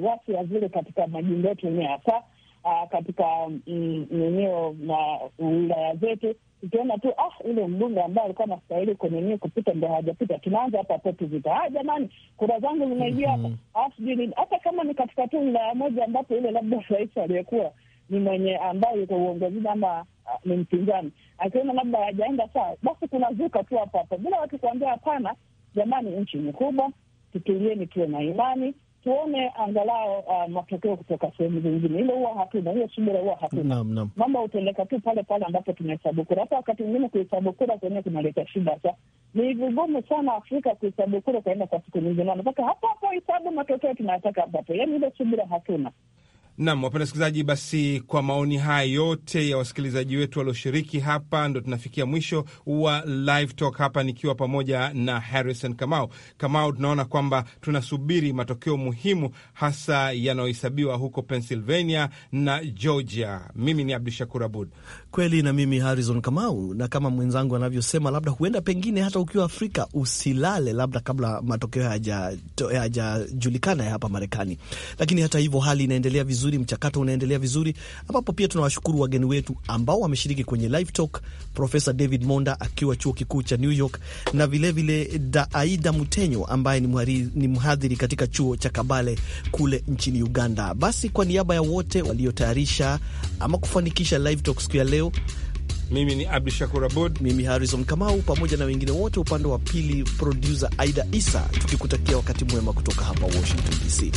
ghasia zile katika majimbo yetu yenyewe hasa Uh, katika eneo mm, na wilaya zetu tukiona tu ah, ule mbunge ambaye alikuwa anastahili kwenye nio kupita ndo hajapita, tunaanza hapa hapo vita. ah, jamani kura zangu mm hapa -hmm. sijui hata kama ni katika tu wilaya moja ambapo ile labda rais aliyekuwa ni mwenye ambaye yuko uongozini ama ah, ni mpinzani akiona labda hajaenda sawa, basi kunazuka tu hapa hapa bila watu kuambia hapana, jamani, nchi ni kubwa tutulieni, tuwe na imani, tuone angalau uh, matokeo kutoka sehemu zingine. ilo huwa hatuna, hiyo subira huwa hatuna. Mambo hutendeka tu pale pale ambapo tunahesabu kura. Hata wakati mwingine kuhesabu kura kwenyewe kunaleta shida. Sa ni vigumu sana Afrika kuhesabu kura ukaenda kwa siku nyingi, mpaka hapo hapo hesabu matokeo tunayataka hapo hapo, yaani ile subira hatuna. Nam, wapenda wasikilizaji, basi kwa maoni haya yote ya wasikilizaji wetu walioshiriki hapa, ndo tunafikia mwisho wa Live Talk hapa nikiwa pamoja na Harrison Kamau. Kamau, tunaona kwamba tunasubiri matokeo muhimu hasa yanayohesabiwa huko Pennsylvania na Georgia. Mimi ni Abdu Shakur Abud Kweli na mimi Harrison Kamau, na kama mwenzangu anavyosema, labda huenda pengine hata ukiwa Afrika usilale labda kabla matokeo hayajajulikana ya hapa Marekani. Lakini hata hivyo, hali inaendelea vizuri, mchakato unaendelea vizuri, ambapo pia tunawashukuru wageni wetu ambao wameshiriki kwenye live talk, Profesa David Monda akiwa chuo kikuu cha New York na vilevile vile Daaida Mutenyo ambaye ni mhadhiri katika chuo cha Kabale kule nchini Uganda. Basi kwa niaba ya wote waliotayarisha ama kufanikisha live talk siku ya leo leo. Mimi ni Abdu Shakur Abud, mimi Harrison Kamau, pamoja na wengine wote upande wa pili, produsa Aida Isa, tukikutakia wakati mwema kutoka hapa Washington DC.